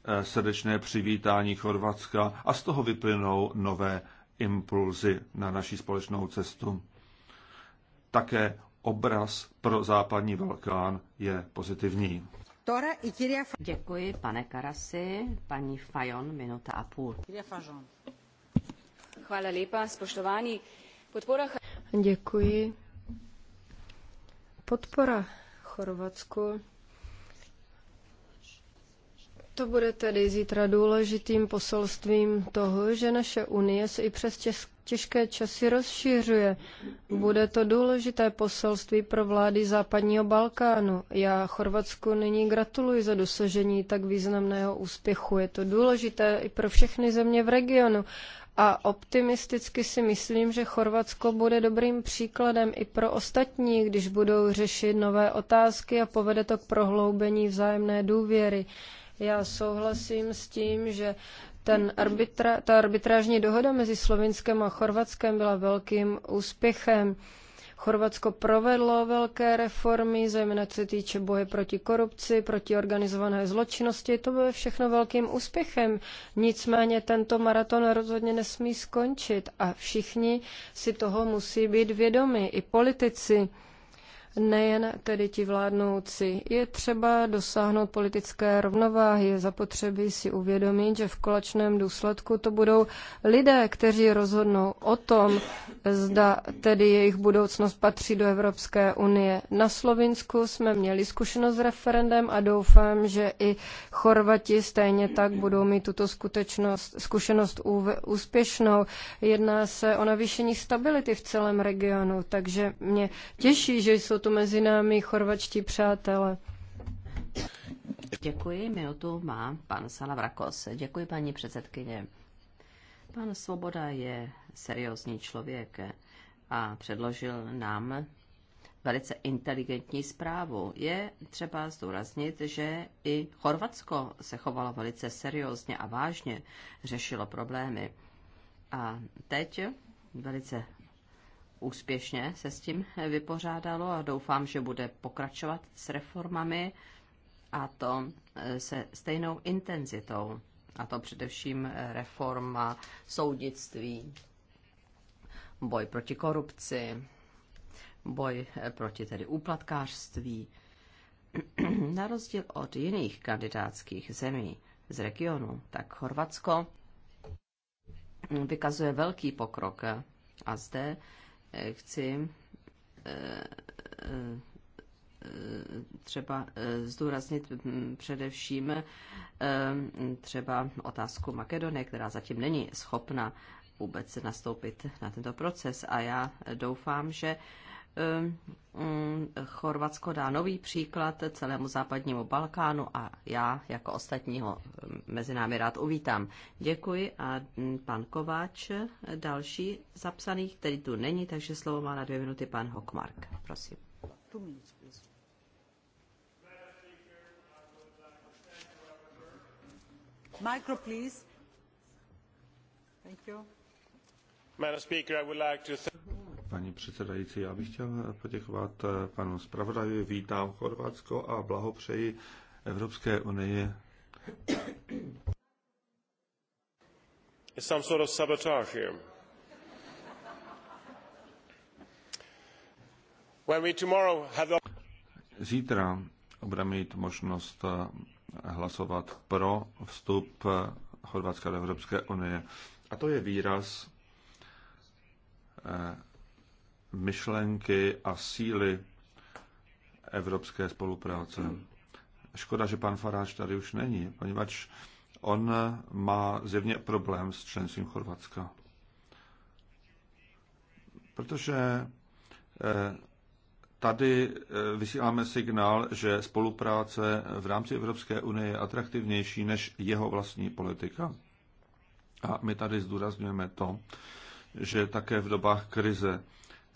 e, srdečné přivítání Chorvatska a z toho vyplynou nové impulzy na naší společnou cestu. Také obraz pro západní Balkán je pozitivní. Děkuji, pane Karasi. Paní Fajon, minuta a půl. Hvala lepa, spoštovani. Podpora... Děkuji. Podpora Chorvatsku to bude tedy zítra důležitým posolstvím toho, že naše Unie se i přes těžké časy rozšiřuje. Bude to důležité poselství pro vlády západního Balkánu. Já Chorvatsku nyní gratuluji za dosažení tak významného úspěchu. Je to důležité i pro všechny země v regionu. A optimisticky si myslím, že Chorvatsko bude dobrým příkladem i pro ostatní, když budou řešit nové otázky a povede to k prohloubení vzájemné důvěry. Já souhlasím s tím, že ten arbitra, ta arbitrážní dohoda mezi Slovinskem a Chorvatskem byla velkým úspěchem. Chorvatsko provedlo velké reformy, zejména co se týče boje proti korupci, proti organizované zločinnosti. To bylo všechno velkým úspěchem. Nicméně tento maraton rozhodně nesmí skončit a všichni si toho musí být vědomi, i politici nejen tedy ti vládnoucí. Je třeba dosáhnout politické rovnováhy, je zapotřebí si uvědomit, že v kolačném důsledku to budou lidé, kteří rozhodnou o tom, zda tedy jejich budoucnost patří do Evropské unie. Na Slovinsku jsme měli zkušenost s referendem a doufám, že i Chorvati stejně tak budou mít tuto skutečnost, zkušenost úspěšnou. Jedná se o navýšení stability v celém regionu, takže mě těší, že jsou tu mezi námi chorvačtí přátelé. Děkuji, minutu má pan Salavrakos. Děkuji, paní předsedkyně. Pan Svoboda je seriózní člověk a předložil nám velice inteligentní zprávu. Je třeba zdůraznit, že i Chorvatsko se chovalo velice seriózně a vážně, řešilo problémy. A teď velice úspěšně se s tím vypořádalo a doufám, že bude pokračovat s reformami a to e, se stejnou intenzitou. A to především e, reforma soudnictví, boj proti korupci, boj e, proti tedy úplatkářství. Na rozdíl od jiných kandidátských zemí z regionu, tak Chorvatsko vykazuje velký pokrok a zde chci eh, eh, třeba eh, zdůraznit mm, především třeba otázku Makedonie, která zatím není schopna vůbec nastoupit na tento proces. A já doufám, že Eh, mm, Chorvatsko dá nový příklad celému západnímu Balkánu a já jako ostatního eh, mezi námi rád uvítám. Děkuji a mm, pan Kováč, eh, další zapsaný, který tu není, takže slovo má na dvě minuty pan Hokmark. Prosím. Micro, please. Thank you. Madam Speaker, I would like to thank paní předsedající. Já bych chtěl poděkovat eh, panu zpravodaji. Vítám Chorvatsko a blahopřeji Evropské unii. Some sort of sabotage here. When we tomorrow have the... Zítra budeme mít možnost eh, hlasovat pro vstup eh, Chorvatska do Evropské unie. A to je výraz myšlenky a síly evropské spolupráce. Škoda, že pan Faráš tady už není, poněvadž on má zjevně problém s členstvím Chorvatska. Protože eh, tady eh, vysíláme signál, že spolupráce v rámci Evropské unie je atraktivnější než jeho vlastní politika. A my tady zdůrazňujeme to, že také v dobách krize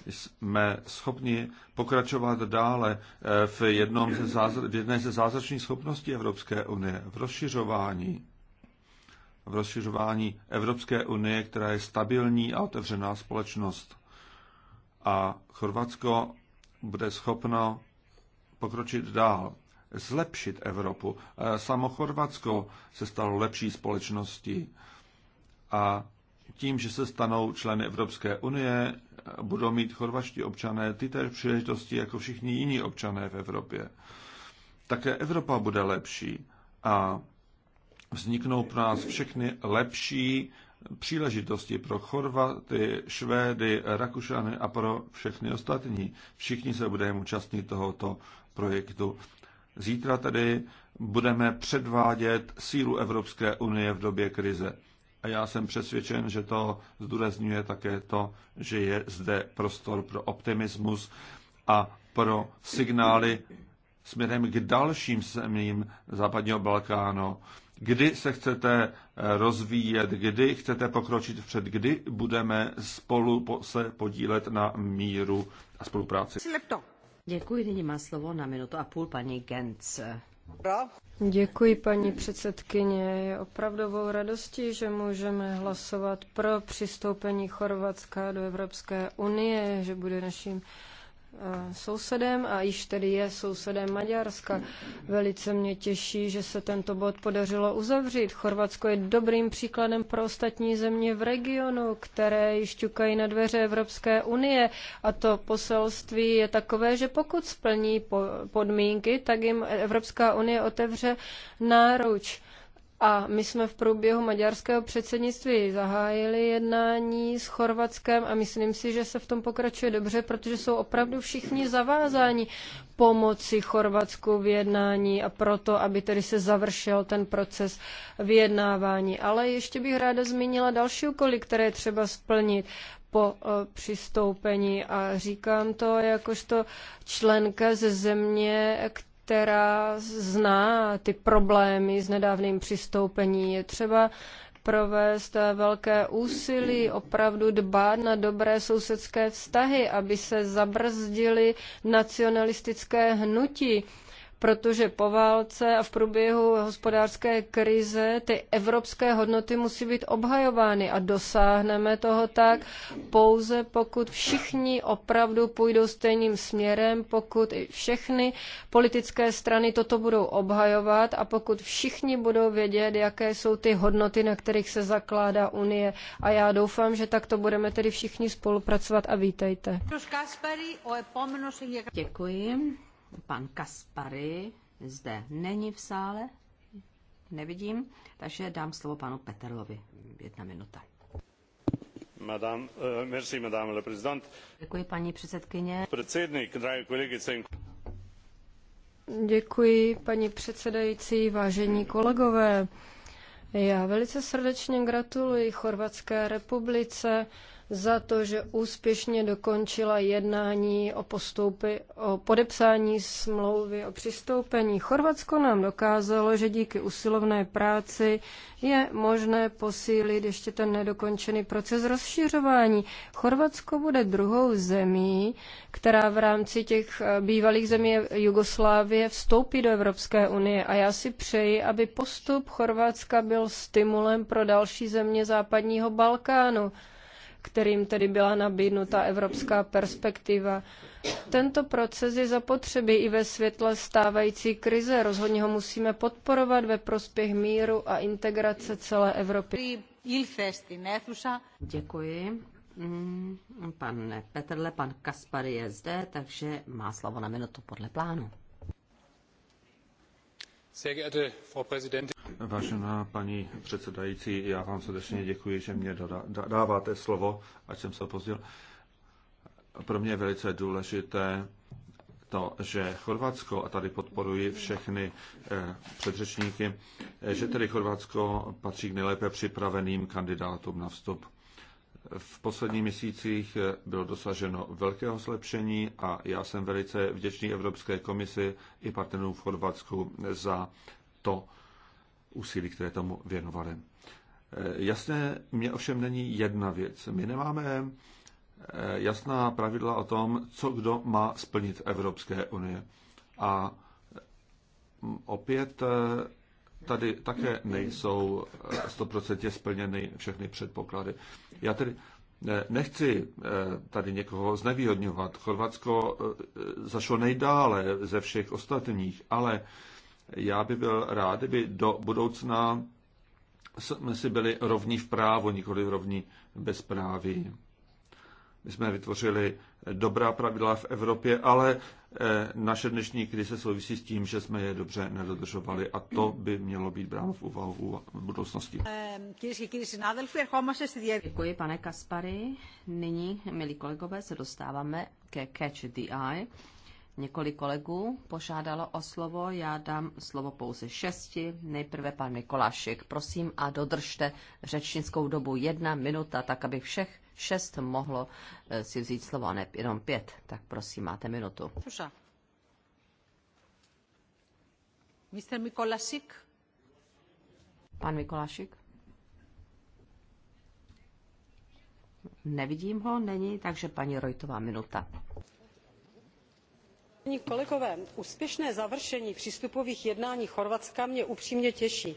jsme schopni pokračovat dále eh, v, jednom ze zázr- v jedné ze zázračných schopností Evropské unie, v rozšiřování v rozšiřování Evropské unie, která je stabilní a otevřená společnost. A Chorvatsko bude schopno pokročit dál, zlepšit Evropu. Eh, samo Chorvatsko se stalo lepší společností a tím, že se stanou členy Evropské unie, budou mít chorvaští občané ty též příležitosti jako všichni jiní občané v Evropě. Také Evropa bude lepší a vzniknou pro nás všechny lepší příležitosti pro Chorvaty, Švédy, Rakušany a pro všechny ostatní. Všichni se budeme účastnit tohoto projektu. Zítra tedy budeme předvádět sílu Evropské unie v době krize a já jsem přesvědčen, že to zdůrazňuje také to, že je zde prostor pro optimismus a pro signály směrem k dalším zemím západního Balkánu. Kdy se chcete rozvíjet, kdy chcete pokročit vpřed, kdy budeme spolu se podílet na míru a spolupráci. Děkuji, nyní má slovo na minutu a půl paní Genc. Děkuji, paní předsedkyně. Je opravdovou radostí, že můžeme hlasovat pro přistoupení Chorvatska do Evropské unie, že bude naším Eh, sousedem a již tedy je sousedem Maďarska. Velice mě těší, že se tento bod podařilo uzavřít. Chorvatsko je dobrým příkladem pro ostatní země v regionu, které již ťukají na dveře Evropské unie a to poselství je takové, že pokud splní podmínky, tak jim Evropská unie otevře náruč. A my jsme v průběhu maďarského předsednictví zahájili jednání s Chorvatskem a myslím si, že se v tom pokračuje dobře, protože jsou opravdu všichni zavázáni pomoci Chorvatsku v jednání a proto, aby tedy se završil ten proces vyjednávání. Ale ještě bych ráda zmínila další úkoly, které je třeba splnit po eh, přistoupení a říkám to jakožto členka ze země, která zná ty problémy s nedávným přistoupení. Je třeba provést velké úsilí, opravdu dbát na dobré sousedské vztahy, aby se zabrzdili nacionalistické hnutí protože po válce a v průběhu hospodářské krize ty evropské hodnoty musí být obhajovány a dosáhneme toho tak pouze pokud všichni opravdu půjdou stejným směrem, pokud i všechny politické strany toto budou obhajovat a pokud všichni budou vědět, jaké jsou ty hodnoty, na kterých se zakládá Unie. A já doufám, že takto budeme tedy všichni spolupracovat a vítejte. Děkuji pan Kaspary zde není v sále, nevidím, takže dám slovo panu Peterlovi. Jedna minuta. Madame, eh, merci, madame le président. Děkuji, paní předsedkyně. Předsednik, drahé kolegice. Děkuji, paní předsedající, vážení kolegové. Já velice srdečně gratuluji Chorvatské republice za to, že úspěšně dokončila jednání o, postupy, o podepsání smlouvy o přistoupení. Chorvatsko nám dokázalo, že díky usilovné práci je možné posílit ještě ten nedokončený proces rozšiřování. Chorvatsko bude druhou zemí, která v rámci těch eh, bývalých zemí Jugoslávie vstoupí do Evropské unie a já si přeji, aby postup Chorvatska byl stimulem pro další země západního Balkánu kterým tedy byla nabídnuta evropská perspektiva. Tento proces je zapotřebí i ve světle stávající krize. Rozhodně ho musíme podporovat ve prospěch míru a integrace celé Evropy. Děkuji. Mm, pan Petrle, pan Kaspar je zde, takže má slovo na minutu podle plánu. Sehr geehrte Frau Präsidentin! Vážená paní předsedající, já vám srdečně děkuji, že mě dáváte slovo, ať jsem se opozdil. Pro mě je velice důležité to, že Chorvatsko, a tady podporuji všechny eh, předřečníky, eh, že tedy Chorvatsko patří k nejlépe připraveným kandidátům na vstup. V posledních měsících eh, bylo dosaženo velkého zlepšení a já jsem velice vděčný Evropské komisi i partnerům v Chorvatsku za to, úsilí, které tomu věnovali. E, jasné, mě ovšem není jedna věc. My nemáme e, jasná pravidla o tom, co kdo má splnit Evropské unie. A opět e, tady také nejsou 100% splněny všechny předpoklady. Já tedy nechci tady někoho znevýhodňovat. Chorvatsko zašlo nejdále ze všech ostatních, ale já bych byl rád, kdyby do budoucna jsme si byli rovní v právu, nikoli rovní bez práví. My jsme vytvořili dobrá pravidla v Evropě, ale eh, naše dnešní krize souvisí s tím, že jsme je dobře nedodržovali a to by mělo být bráno v úvahu v budoucnosti. Eh, Děkuji, pane Kaspary. Nyní, milí kolegové, se dostáváme ke Catch the Eye. Několik kolegů požádalo o slovo, já dám slovo pouze šesti. Nejprve pan Mikolášek, prosím a dodržte řečnickou dobu jedna minuta, tak aby všech šest mohlo eh, si vzít slovo, a ne jenom pět. Tak prosím, máte minutu. Slyša. Mr. Mikolášik. Pan Mikolášik. Nevidím ho, není, takže paní Rojtová minuta úspěšné završení přístupových jednání chorvatska mě upřímně těší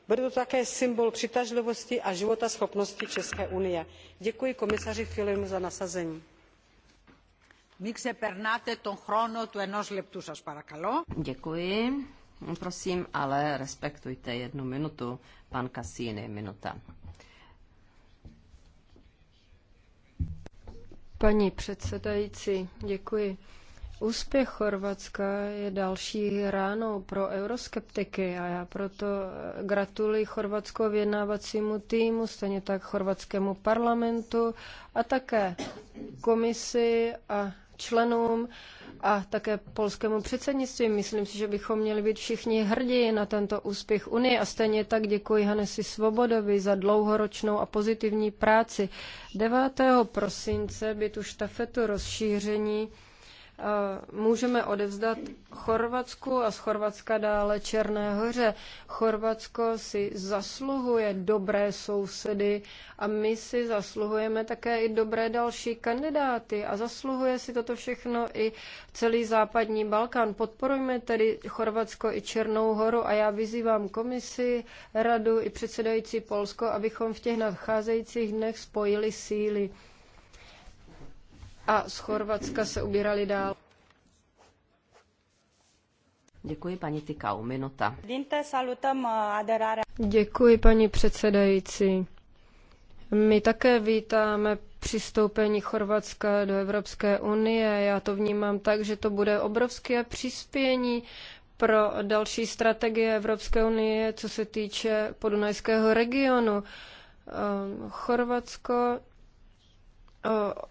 bude to také symbol přitažlivosti a životaschopnosti české unie. děkuji komisaři fllemu za nasazení. Děkuji. Prosím, ale respektujte jednu minutu. Pan Cassini, minuta. Paní předsedající, děkuji. Úspěch Chorvatska je další ránou pro euroskeptiky a já proto eh, gratuluji chorvatskou vyjednávacímu týmu, stejně tak chorvatskému parlamentu a také komisi a členům a také polskému předsednictví. Myslím si, že bychom měli být všichni hrdí na tento úspěch Unie a stejně tak děkuji Hanesi Svobodovi za dlouhoročnou a pozitivní práci. 9. prosince by tu štafetu rozšíření můžeme odevzdat Chorvatsku a z Chorvatska dále Černé hoře. Chorvatsko si zasluhuje dobré sousedy a my si zasluhujeme také i dobré další kandidáty a zasluhuje si toto všechno i celý západní Balkán. Podporujme tedy Chorvatsko i Černou horu a já vyzývám komisi, radu i předsedající Polsko, abychom v těch nadcházejících dnech spojili síly a z Chorvatska se ubírali dál. Děkuji paní Tykau, minuta. Uh, Děkuji paní předsedající. My také vítáme přistoupení Chorvatska do Evropské unie. Já to vnímám tak, že to bude obrovské přispění pro další strategie Evropské unie, co se týče podunajského regionu. Um, Chorvatsko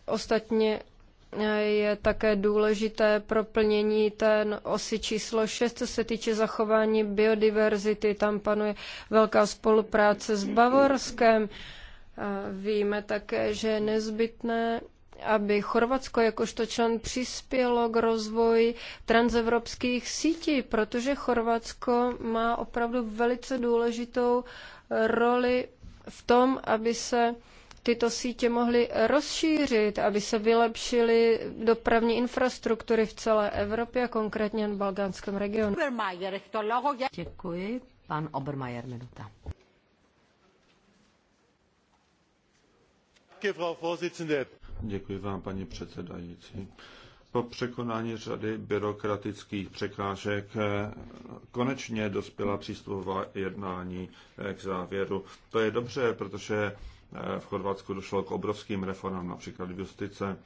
ostatně je také důležité pro plnění osy číslo 6, co se týče zachování biodiverzity. Tam panuje velká spolupráce s Bavorskem. Víme také, že je nezbytné aby Chorvatsko jakožto člen přispělo k rozvoji transevropských sítí, protože Chorvatsko má opravdu velice důležitou roli v tom, aby se uh, tyto sítě mohly rozšířit, aby se vylepšily dopravní infrastruktury v celé Evropě a konkrétně v balgánském regionu. Děkuji. Pan Obermajer, minuta. Děkuji vám, paní předsedající. Po překonání řady byrokratických překážek eh, konečně dospěla přístupová jednání eh, k závěru. To je dobře, protože Eh, v Chorvatsku došlo k obrovským reformám, například v justice,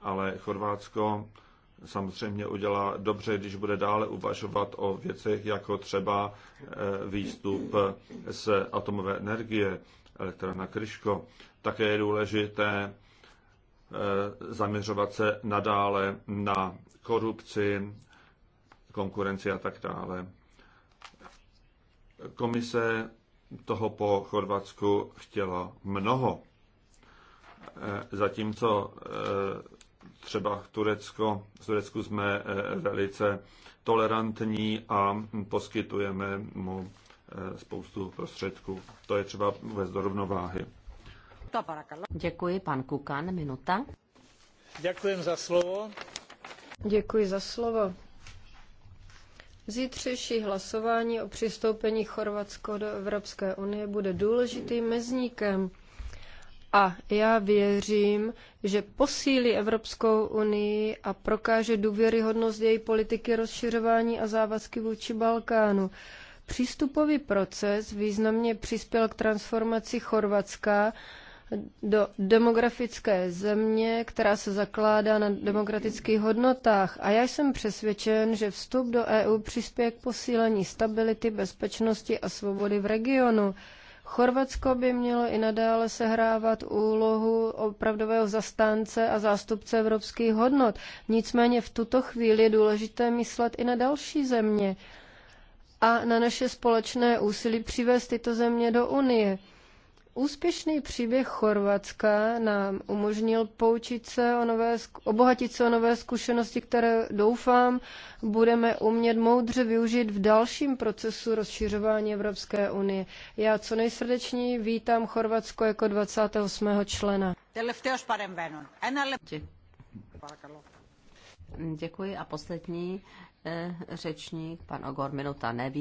ale Chorvatsko samozřejmě udělá dobře, když bude dále uvažovat o věcech jako třeba eh, výstup z atomové energie, elektrárna Kryško. Také je důležité eh, zaměřovat se nadále na korupci, konkurenci a tak dále. Komise toho po Chorvatsku chtělo mnoho. E, zatímco e, třeba Turecko, v Turecku jsme e, velice tolerantní a poskytujeme mu spoustu prostředků. To je třeba vůbec do rovnováhy. Děkuji, pan Kukan, minuta. Děkuji za slovo. Děkuji za slovo. Zítřejší hlasování o přistoupení Chorvatsko do Evropské unie bude důležitým mezníkem. A já věřím, že posílí Evropskou unii a prokáže důvěryhodnost její politiky rozšiřování a závazky vůči Balkánu. Přístupový proces významně přispěl k transformaci Chorvatska do demografické země, která se zakládá na demokratických hodnotách. A já jsem přesvědčen, že vstup do EU přispěje k posílení stability, bezpečnosti a svobody v regionu. Chorvatsko by mělo i nadále sehrávat úlohu opravdového zastánce a zástupce evropských hodnot. Nicméně v tuto chvíli je důležité myslet i na další země a na naše společné úsilí přivést tyto země do Unie. Úspěšný příběh Chorvatska nám umožnil poučit se o nové, obohatit se o nové zkušenosti, které doufám budeme umět moudře využít v dalším procesu rozšiřování Evropské unie. Já co nejsrdečněji vítám Chorvatsko jako 28. člena. Děkuji a poslední Eh, řečník, pan Ogor, minuta, ne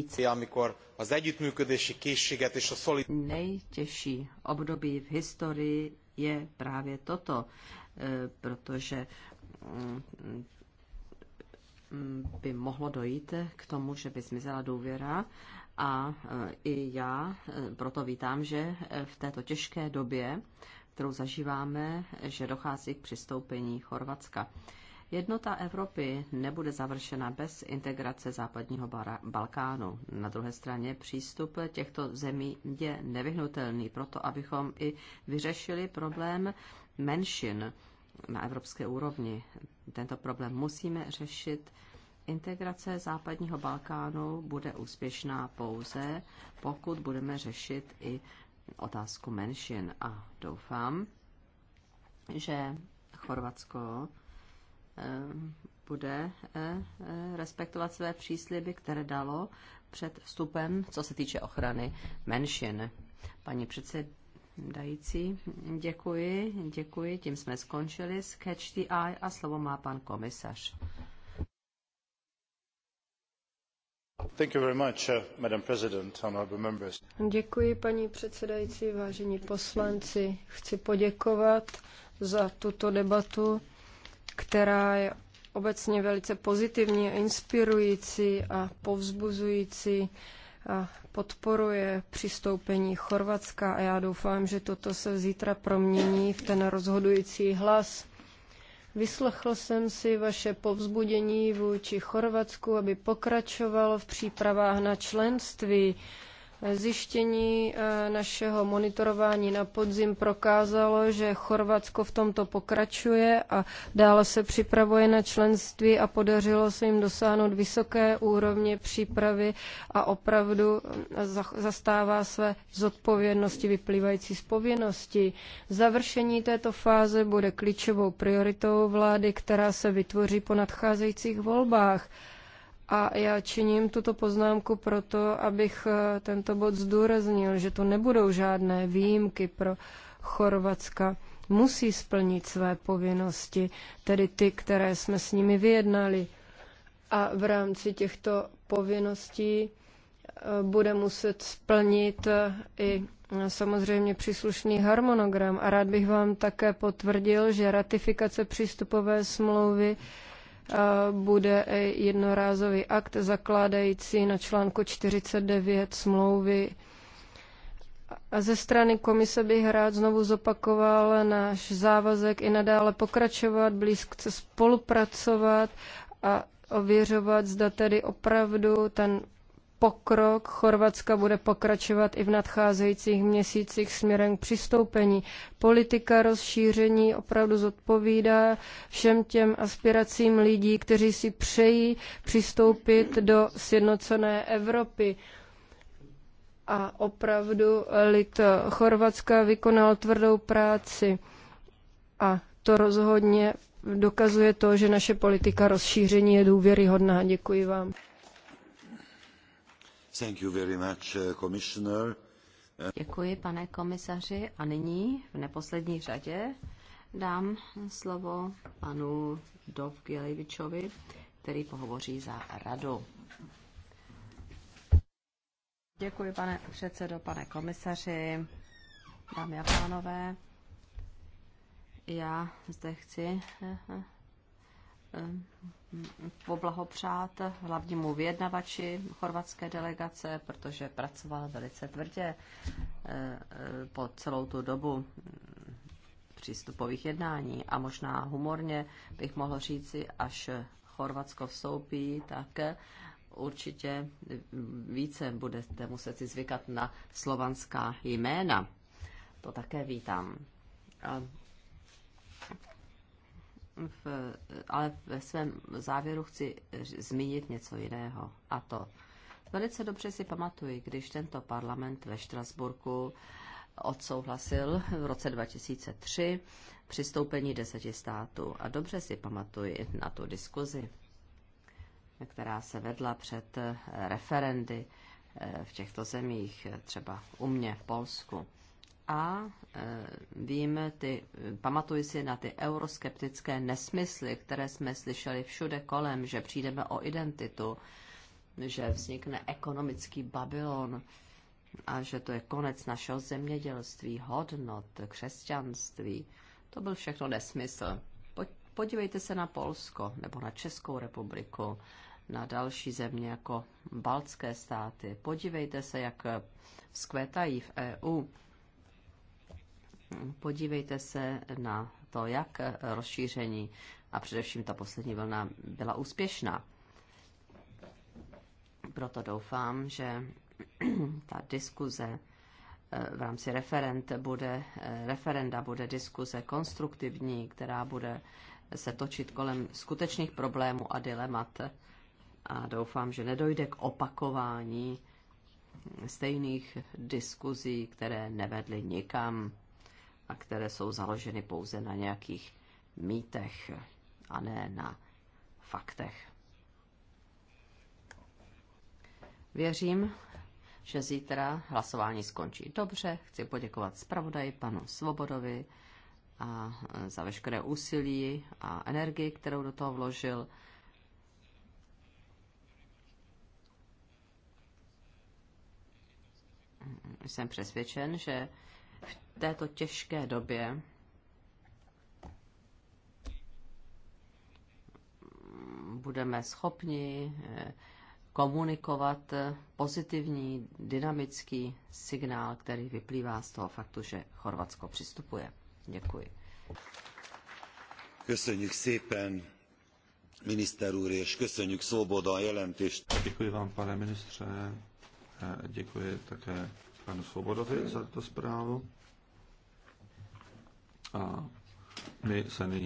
Nejtěžší období v historii je právě toto, eh, protože mm, mm, by mohlo dojít k tomu, že by zmizela důvěra a eh, i já proto vítám, že v této těžké době, kterou zažíváme, že dochází k přistoupení Chorvatska. Jednota Evropy nebude završena bez integrace západního Balkánu. Na druhé straně přístup těchto zemí je nevyhnutelný proto, abychom i vyřešili problém menšin na evropské úrovni. Tento problém musíme řešit Integrace západního Balkánu bude úspěšná pouze, pokud budeme řešit i otázku menšin. A doufám, že Chorvatsko bude eh, eh, respektovat své přísliby, které dalo před vstupem, co se týče ochrany menšin. Paní předsedající, děkuji, děkuji, tím jsme skončili s Catch the Eye a slovo má pan komisař. Thank you very much, uh, Madam President, honorable members. Děkuji, paní předsedající, vážení poslanci. Chci poděkovat za tuto debatu která je obecně velice pozitivní, inspirující a povzbuzující a podporuje přistoupení Chorvatska a já doufám, že toto se zítra promění v ten rozhodující hlas. Vyslechl jsem si vaše povzbudění vůči Chorvatsku, aby pokračovalo v přípravách na členství. Zjištění eh, našeho monitorování na podzim prokázalo, že Chorvatsko v tomto pokračuje a dále se připravuje na členství a podařilo se jim dosáhnout vysoké úrovně přípravy a opravdu eh, zastává své zodpovědnosti vyplývající z povinností. Završení této fáze bude klíčovou prioritou vlády, která se vytvoří po nadcházejících volbách. A já činím tuto poznámku proto, abych eh, tento bod zdůraznil, že to nebudou žádné výjimky pro Chorvatska. Musí splnit své povinnosti, tedy ty, které jsme s nimi vyjednali. A v rámci těchto povinností eh, bude muset splnit eh, i samozřejmě příslušný harmonogram. A rád bych vám také potvrdil, že ratifikace přístupové smlouvy bude jednorázový akt zakládající na článku 49 smlouvy. A ze strany komise bych rád znovu zopakoval náš závazek i nadále pokračovat, blízce spolupracovat a ověřovat, zda tedy opravdu ten pokrok Chorvatska bude pokračovat i v nadcházejících měsících směrem k přistoupení. Politika rozšíření opravdu zodpovídá všem těm aspiracím lidí, kteří si přejí přistoupit do sjednocené Evropy. A opravdu lid Chorvatska vykonal tvrdou práci. A to rozhodně dokazuje to, že naše politika rozšíření je důvěryhodná. Děkuji vám. Uh, Děkuji, pane komisaři. A nyní v neposlední řadě dám slovo panu Dovgilevičovi, který pohovoří za radu. Děkuji, pane předsedo, pane komisaři, dámy a pánové. Já zde chci eh, eh, Eh, poblahopřát hlavnímu vyjednavači chorvatské delegace, protože pracoval velice tvrdě eh, eh, po celou tu dobu přístupových jednání a možná humorně bych mohl říci, až Chorvatsko vstoupí, tak určitě více budete muset si zvykat na slovanská jména. To také vítám v, ale ve svém závěru chci zmínit něco jiného. A to velice dobře si pamatuji, když tento parlament ve Štrasburku odsouhlasil v roce 2003 přistoupení deseti států. A dobře si pamatuji na tu diskuzi, která se vedla před eh, referendy eh, v těchto zemích, eh, třeba u mě v Polsku a e, víme, ty, pamatuji si na ty euroskeptické nesmysly, které jsme slyšeli všude kolem, že přijdeme o identitu, že vznikne ekonomický Babylon a že to je konec našeho zemědělství, hodnot, křesťanství. To byl všechno nesmysl. Podívejte se na Polsko nebo na Českou republiku, na další země jako baltské státy. Podívejte se, jak vzkvétají v EU podívejte se na to, jak rozšíření a především ta poslední vlna byla úspěšná. Proto doufám, že ta diskuze eh, v rámci referent bude, eh, referenda bude diskuze konstruktivní, která bude se točit kolem skutečných problémů a dilemat. A doufám, že nedojde k opakování stejných diskuzí, které nevedly nikam a které jsou založeny pouze na nějakých mýtech a ne na faktech. Věřím, že zítra hlasování skončí dobře. Chci poděkovat zpravodaji panu Svobodovi a za veškeré úsilí a energii, kterou do toho vložil. Jsem přesvědčen, že v této těžké době budeme schopni eh, komunikovat pozitivní, dynamický signál, který vyplývá z toho faktu, že Chorvatsko přistupuje. Děkuji. Köszönjük szépen, miniszter úr, és köszönjük Szóboda a jelentést. Děkuji vám, pane ministře, eh, děkuji také panu Svobodovi za to zprávu. A my se nyní